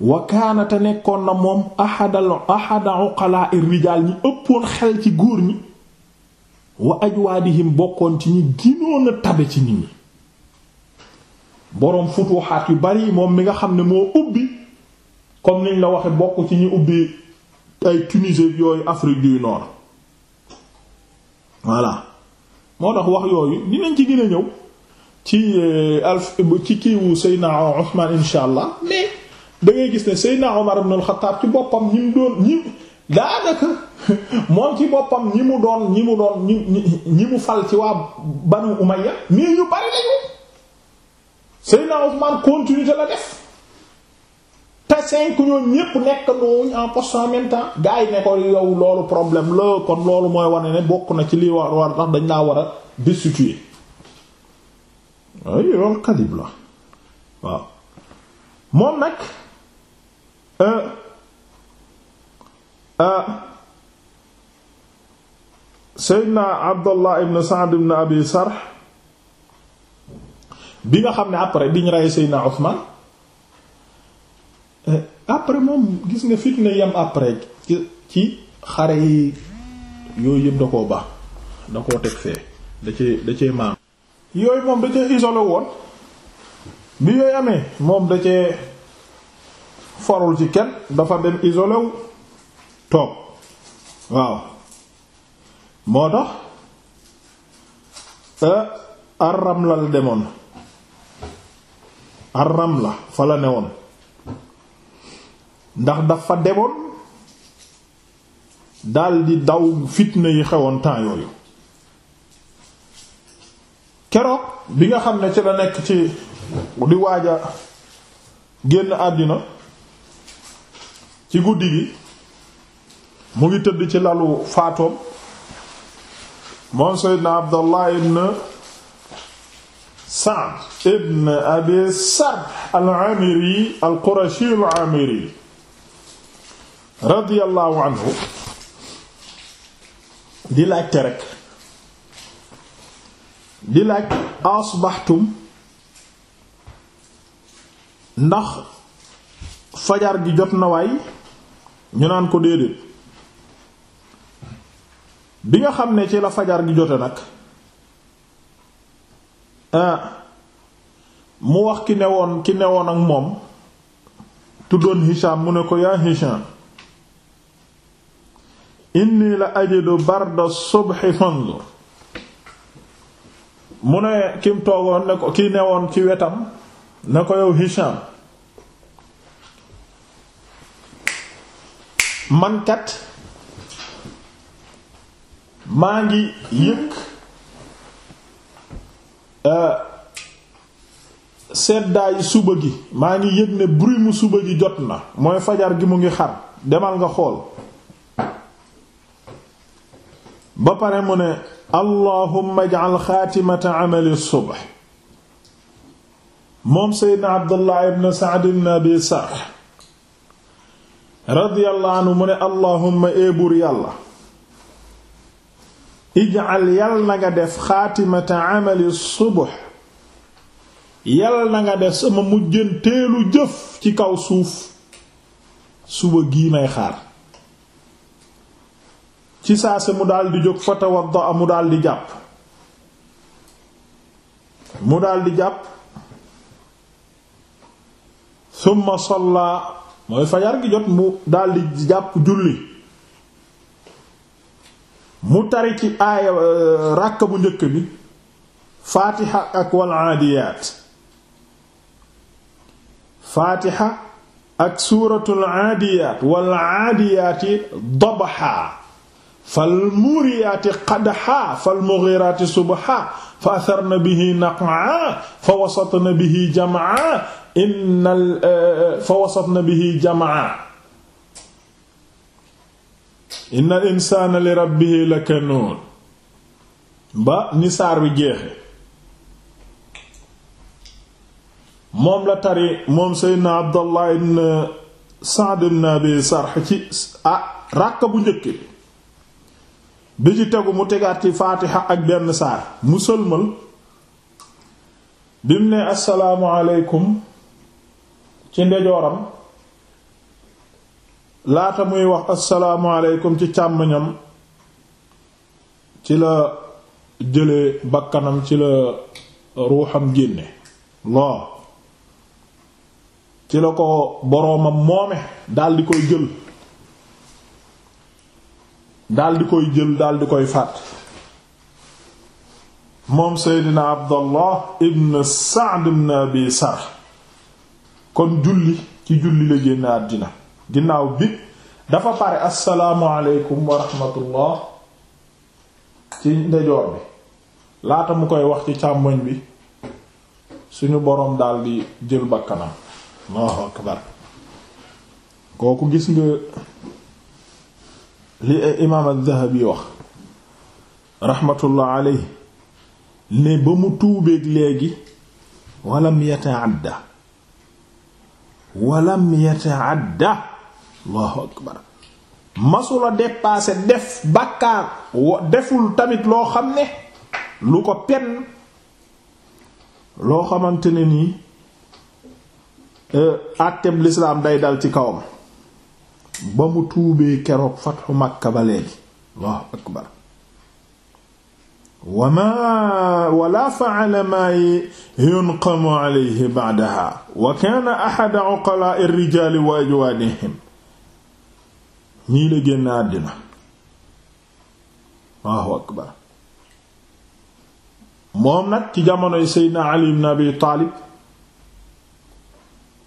wa te nekkoon na moom ahadal ahada uqalaa ir rijaal ñi ëppoon xel ci góor ñi wa ajwaadihim bokkoon ci ñi ginoon a tabe ci nit ñi boroom futuxaat yu bari moom mi nga xam ne moo ubbi comme niñ la waxe bokk ci ñu ubbi ay Tunisie yooyu Afrique du Nord voilà moo tax wax yooyu dinañ ci gën a ñëw ci euh, alf ci kiiwu Seydina Usmaan insha allah mais da gis ne Seydina Umar ibn al-Khattab ci boppam ñi mu doon ñi ci boppam ñi mu doon ñi mu fal ci waa Banu Umayya mais ñu bari lañu Seydina Usmaan continuité la def te cinq ñoom ñépp nekk noonu en poste en même gaa yi ne ko yow loolu problème la kon loolu mooy wane ne bokk na ci lii war war tax dañ laa war a destituer ay la waaw moom nag euh, euh, Seydina Abdallah ibn Sa'd ibn Abi sar bi nga xam ne après biñ rey Seydina Ousmane euh, après moom gis nga fitna yam après ci xare yi yooyu yëpp da koo baax da koo teg fee da cee da cee maam yooyu moom da cee isolé woon bi yooyu amee moom da cee farul ci kenn dafa dem isolé wu toog waaw moo tax euh, ar-Ramla la demoon ar-Ramla fa la newoon ndax dafa demoon di daw fitna yi xewoon temps yooyu keroog bi nga xam ne ci la nekk ci di waaja génn àddina ci guddi gi mu ngi tëdd ci lalu faatoom moom Seydina Abdallah ibn Sa'd ibn Abi Sarh al-Amiri al-Qurashi al-Amiri radiyallahu anhu di laajte rekk di laaj asbaxtum ndax fajar gi jot na waay ñu naan ko déedéet bi nga xam ne ci la fajar gi jote nag ah, mu wax ki ne woon ki ne woon ak moom tuddoon Hisham mu ne ko yaa Hisham inni la ajidu barda subhi fanzur mu ne kim toogoon ne ko ki ne woon ci wetam ne ko yow Hisham mankat maa ngi yëg euh, seddaayu suba gi maa ngi yëg ne bruit suba gi jot na mooy fajar gi mu ngi xar demal nga xool ba pare mu ne allahumma ij'al xaatimata amali subh moom seydna abdullah ibn sa'd ibn abi radiyallahu mu ne allahumma eebur yàlla ij'al yal na nga def xaatimata amali subh yal na nga def sama mujjanteelu jëf ci kaw suuf suba gii may xaar ci saase mu daal di jóg fatawadda mu daal di jàpp mu daal di jàpp summa salla mooy fajar gi jot mu daal di jàpp julli mu tari aaya euh, ràkk bu njëkk bi faatiha ak wal aadiyaat faatiha ak suuratul aadiyaat wal aadiyaati dabaxa fal muriyaati qadha fal mughiraati subha fa atharna bihi naq'a fa wasatna bihi jam'a innal eh, fa wasatna bihi jam'a innal insaana li rabbihi lakanuun ba ni saar wi jeexe moom la tari moom seydna Abdallah ibn Sa'd ibn Abi Sarh ci ah ràkk bu njëkk bi bi ci tegu mu tegaati ci faatiha ak benn saar mu sëlmal bi mu ne assalaamu alaykum ci ndejooram laata muy wax assalaamu alaykum ci càmmoñam ci la jële bakkanam ci la ruuxam génne loo ci la ko boroomam moome daldi koy jël daal di koy jël daal di koy faat moom seydina abdallah ibn saad ibn abi sar kon julli ci julli la génn àddina ginnaaw bi dafa pare assalaamu aleykum wa ci ndejoor bi laata mu koy wax ci càmmoñ bi suñu boroom daal di jël bakkanam allahu akbar kooku gis nga li imaam al-Dhahabi wax raxmatullah alayhi ne ba mu tuubeeg léegi walam yataadda walam yataadda allahu akbar masula dépassé def bàkkaar deful tamit loo xam ne lu ko pen loo xamante ne nii euh, àtteeb lislaam day dal ci kawam ba mu tuubee keroog fatxu Makka ba léegi Allahu akbar wa ma wala fa'ala ma yunqamu alayhi ba'daha wa kana ahad uqala'i ar-rijal wa ajwadihim ñii la génn àddina Allahu akbar moom nag ci jamonoy Seydina Ali ibn Abi Taalib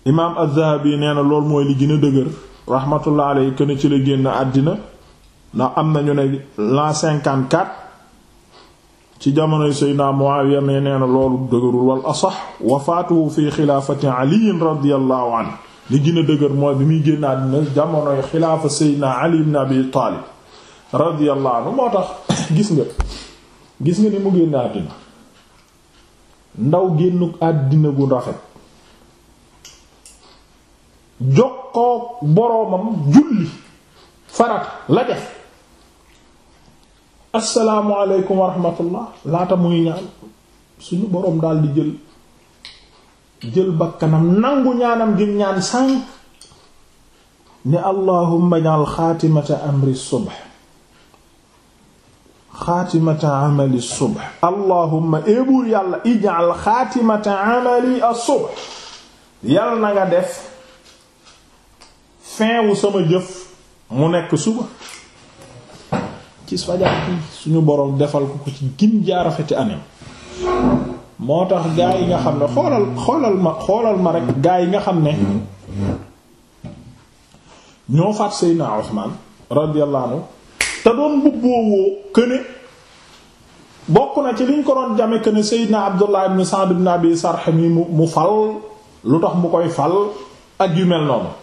imaam az-Zahabi nee na lool mooy li gën dëgër rahmatullah alayhi ken ci la génn àddina ndax am na ñu ne l'an 54 ci jamonoy Seydina Muawiya mais nee na loolu dëgërul wal asax wafaatuhu fi xilaafati Ali radiyallahu anhu li gën dëgër mooy bi muy génn àddina jamonoy xilaafa Seydina Ali ibn Abi Taalib radiyallahu anhu moo tax gis nga gis nga ni mu génn àddina ndaw génn àddina gu rafet jokkoo boroomam julli farat la def assalaamu alaykum wa laata muy ñaan suñu boroom daal di jël jël bakkanam nangu ñaanam gi ñaan sànq ne allahumma ja'al xaatimata amri subh xaatimata amali subh allahumma eh yàlla ij'al xaatimata amali as-subh yàlla na nga def fin wu sama jëf mu nekk suba ci fajar suñu boroom defal ko ko ci gin jaarafeti anem moo tax gaa yi nga xam ne xoolal xoolal ma xoolal ma rek gaa yi nga xam ne ñoo faat Seydina Usmaan radiyallahu anhu te doon mbubboowoo këne bokk na ci liñ ko doon jame këne Seydina Abdullah ibn Sa'd ibn Abi Sarh mi mu fal lu tax mu koy fal ak yu mel noonu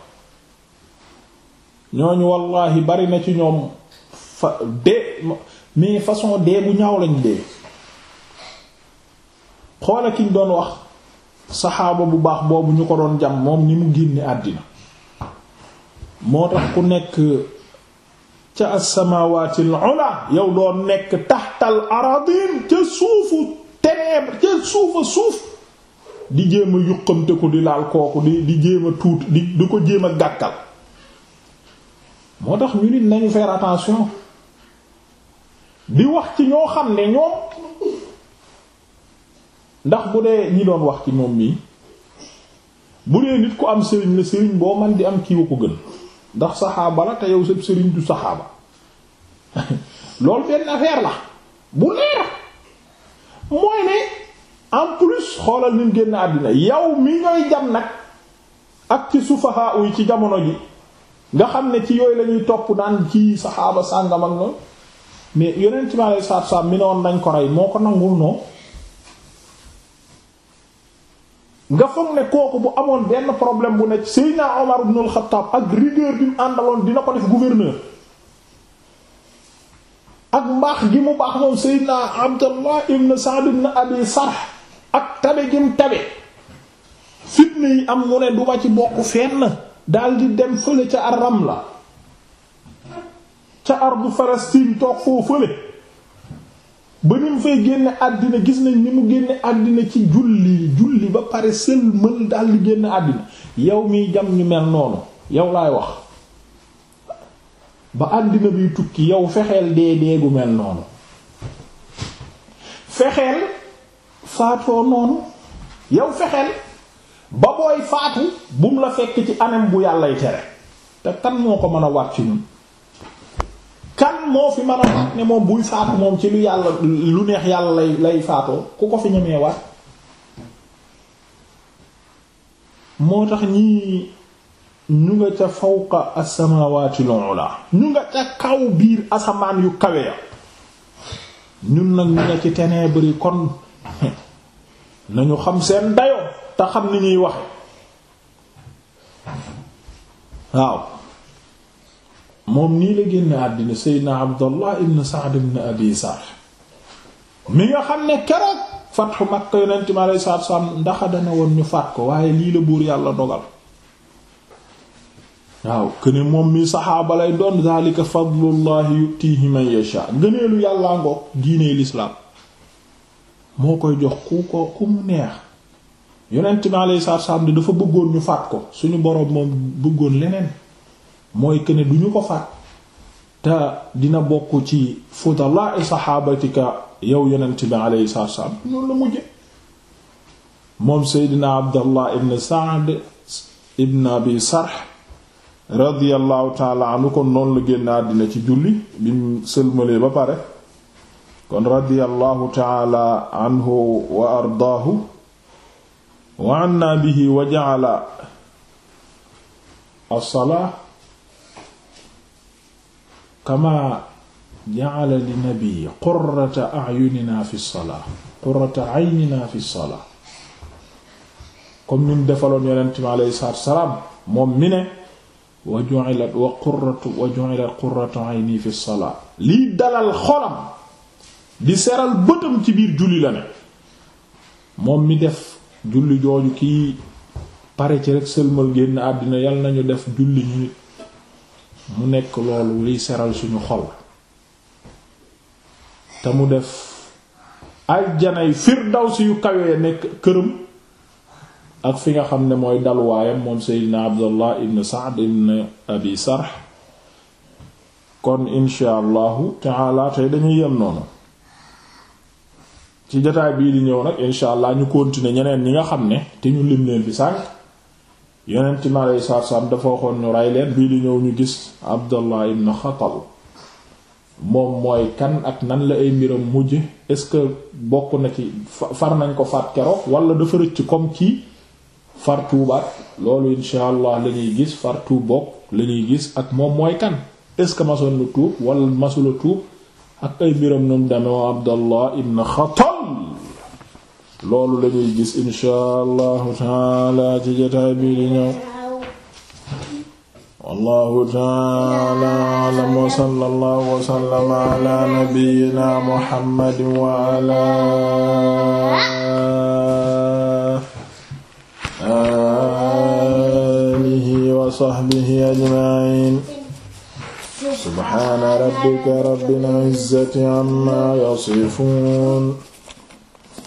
ñooñu wallahi bari na ci ñoom fa dee mais façon dee bu ñaaw lañ dee xoola kiñ doon wax saxaaba bu baax boobu ñu ko doon jam moom ni mu génne àddina moo tax ku nekk ca as-samawati al yow doon nekk taxtal aradin ca suufu ténèbre ca suufa suuf di jéem a yuqamte di laal kooku di di jéem a tuut di di ko jéem a gàkkal moo tax ñu nit nañu faire attention di wax ci ñoo xam ne ñoo ndax bu dee ñi doon wax ci moom mii bu dee nit ku am sëriñ la sëriñ boo man di am kiiwa ko gën ndax saxaaba la te yow sab sëriñ du saxaaba loolu benn affaire la bu leer mooy ne en plus xoolal ni mu génn àddina yow mi ngay jam nag ak ci sufaha yi ci jamono ji nga xam ne ci yooyu lañuy topp daan ci saxaaba sàngam ak noonu mais yeneen mi aleyhi salaatu salaam mi ne woon nañ ko rey moo ko nangul noonu nga foog ne kooku bu amoon benn problème bu ne Seydina Omar ibn al-Khattab ak rigueur bi mu dina ko def gouverneur ak mbaax gi mu baax moom Seydina Abdallah ibn Sa'd ibn Abi Sarh ak tabe gi mu tabe fitna yi am mu ne duma ci bokk fenn daldi dem fële ca aram la ca ardu Palestine toog foo fële ba ni mu fay génne àddina gis nañ ni mu génne àddina ci julli julli ba pare sël mën daldi génne àddina yow miy jam ñu mel noonu yow laay wax ba àddina biy tukki yow fexeel dee dee mel noonu fexeel faatoo noonu yow fexeel ba booy faatu bum la fekk ci anam bu yàllay tere te kan moo ko mën a waat ci ñun kan moo fi mën a waat ne moom buy faatu moom ci lu yàlla lu neex yàlla lay lay faatoo ku ko fi ñemee waat moo tax ñii ñu nga ca fawqa as-samawati al-ula ñu nga ca kaw biir asamaan yu kawe ya ñun nag ñu nga ci ténèbres yi kon nañu xam seen te xam ni ñuy wax waaw moom nii la génn àddina seydna abdallah ibn saad ibn abi sarh mi nga xam ne keroog fatxu makka yonente mi aleyhi salaatu salaam ndaxa dana woon ñu faat ko waaye lii la buur yàlla dogal waaw këne moom mi saxaaba lay doon zalika fadlullahi yutihi man yasha ngëneelu yàllaa ngoog diine lislaam moo koy jox ku ko ku mu neex yonent bi alayhi salaatu salaam de dafa bëggoon ñu faat ko suñu boroom moom bëggoon leneen mooy que ne du ñu ko faat te dina bokk ci fudalaa'i saxaabatika yow yonent bi alayhi salaatu salaam noonu la mujje moom Seydina Abdallah ibn Saad ibn Abi Sarh radiyallahu taala anhu kon noonu la génn àddina ci julli bi mu sëlmalee ba pare kon radiyallahu taala anhu wa ardaahu wa anna bihi wa ja'ala as-salaa kama ja'ala li nabii qurrata a'yunina fi salaa salaa comme ni defaloon yonent mi alayhi salaatu salaam moom mi ne wa ju'ilat wa ayni fi salaa lii dalal xolam di seral bëtam ci biir julli la ne moom mi def julli jooju kii pare ci rek sëlmal génn àddina yal nañu def julli ñu nit mu nekk loolu liy seral suñu xol te mu def aljanay firdawsi yu kawee nekk këram ak fi nga xam ne mooy dalwaayam moom seydina abdallah ibn saad ibn abi sarh kon insha allahu taala tey dañuy yem noonu ci jotaay bii di ñëw nag incha allah ñu continuer ñeneen ñi nga xam ne te ñu lim leen bi sànq yonent mi aleyhi salaatu salaam dafa waxoon ñu rey leen bii di ñëw ñu gis Abdallah ibn Xatal moom mooy kan ak nan la ay mbiram mujj est-ce que bokk na ci far nañ ko faat keroog wala dafa rëcc comme kii far tuubaat loolu incha allah la gis far tuubook la gis ak moom mooy kan est-ce que masoon la tuub wala masula tuub ak ay mbiram nu mu demee Abdallah ibn loolu lañuy gis inshaa allahu taala ci jotaay bi di ñëw wallahu taala a'lam wa sallallahu wa sallama ala nabiyyina muhammadin wa ala alihi wa sahbihi ajma'in subhana rabbika rabbil izzati amma yasifun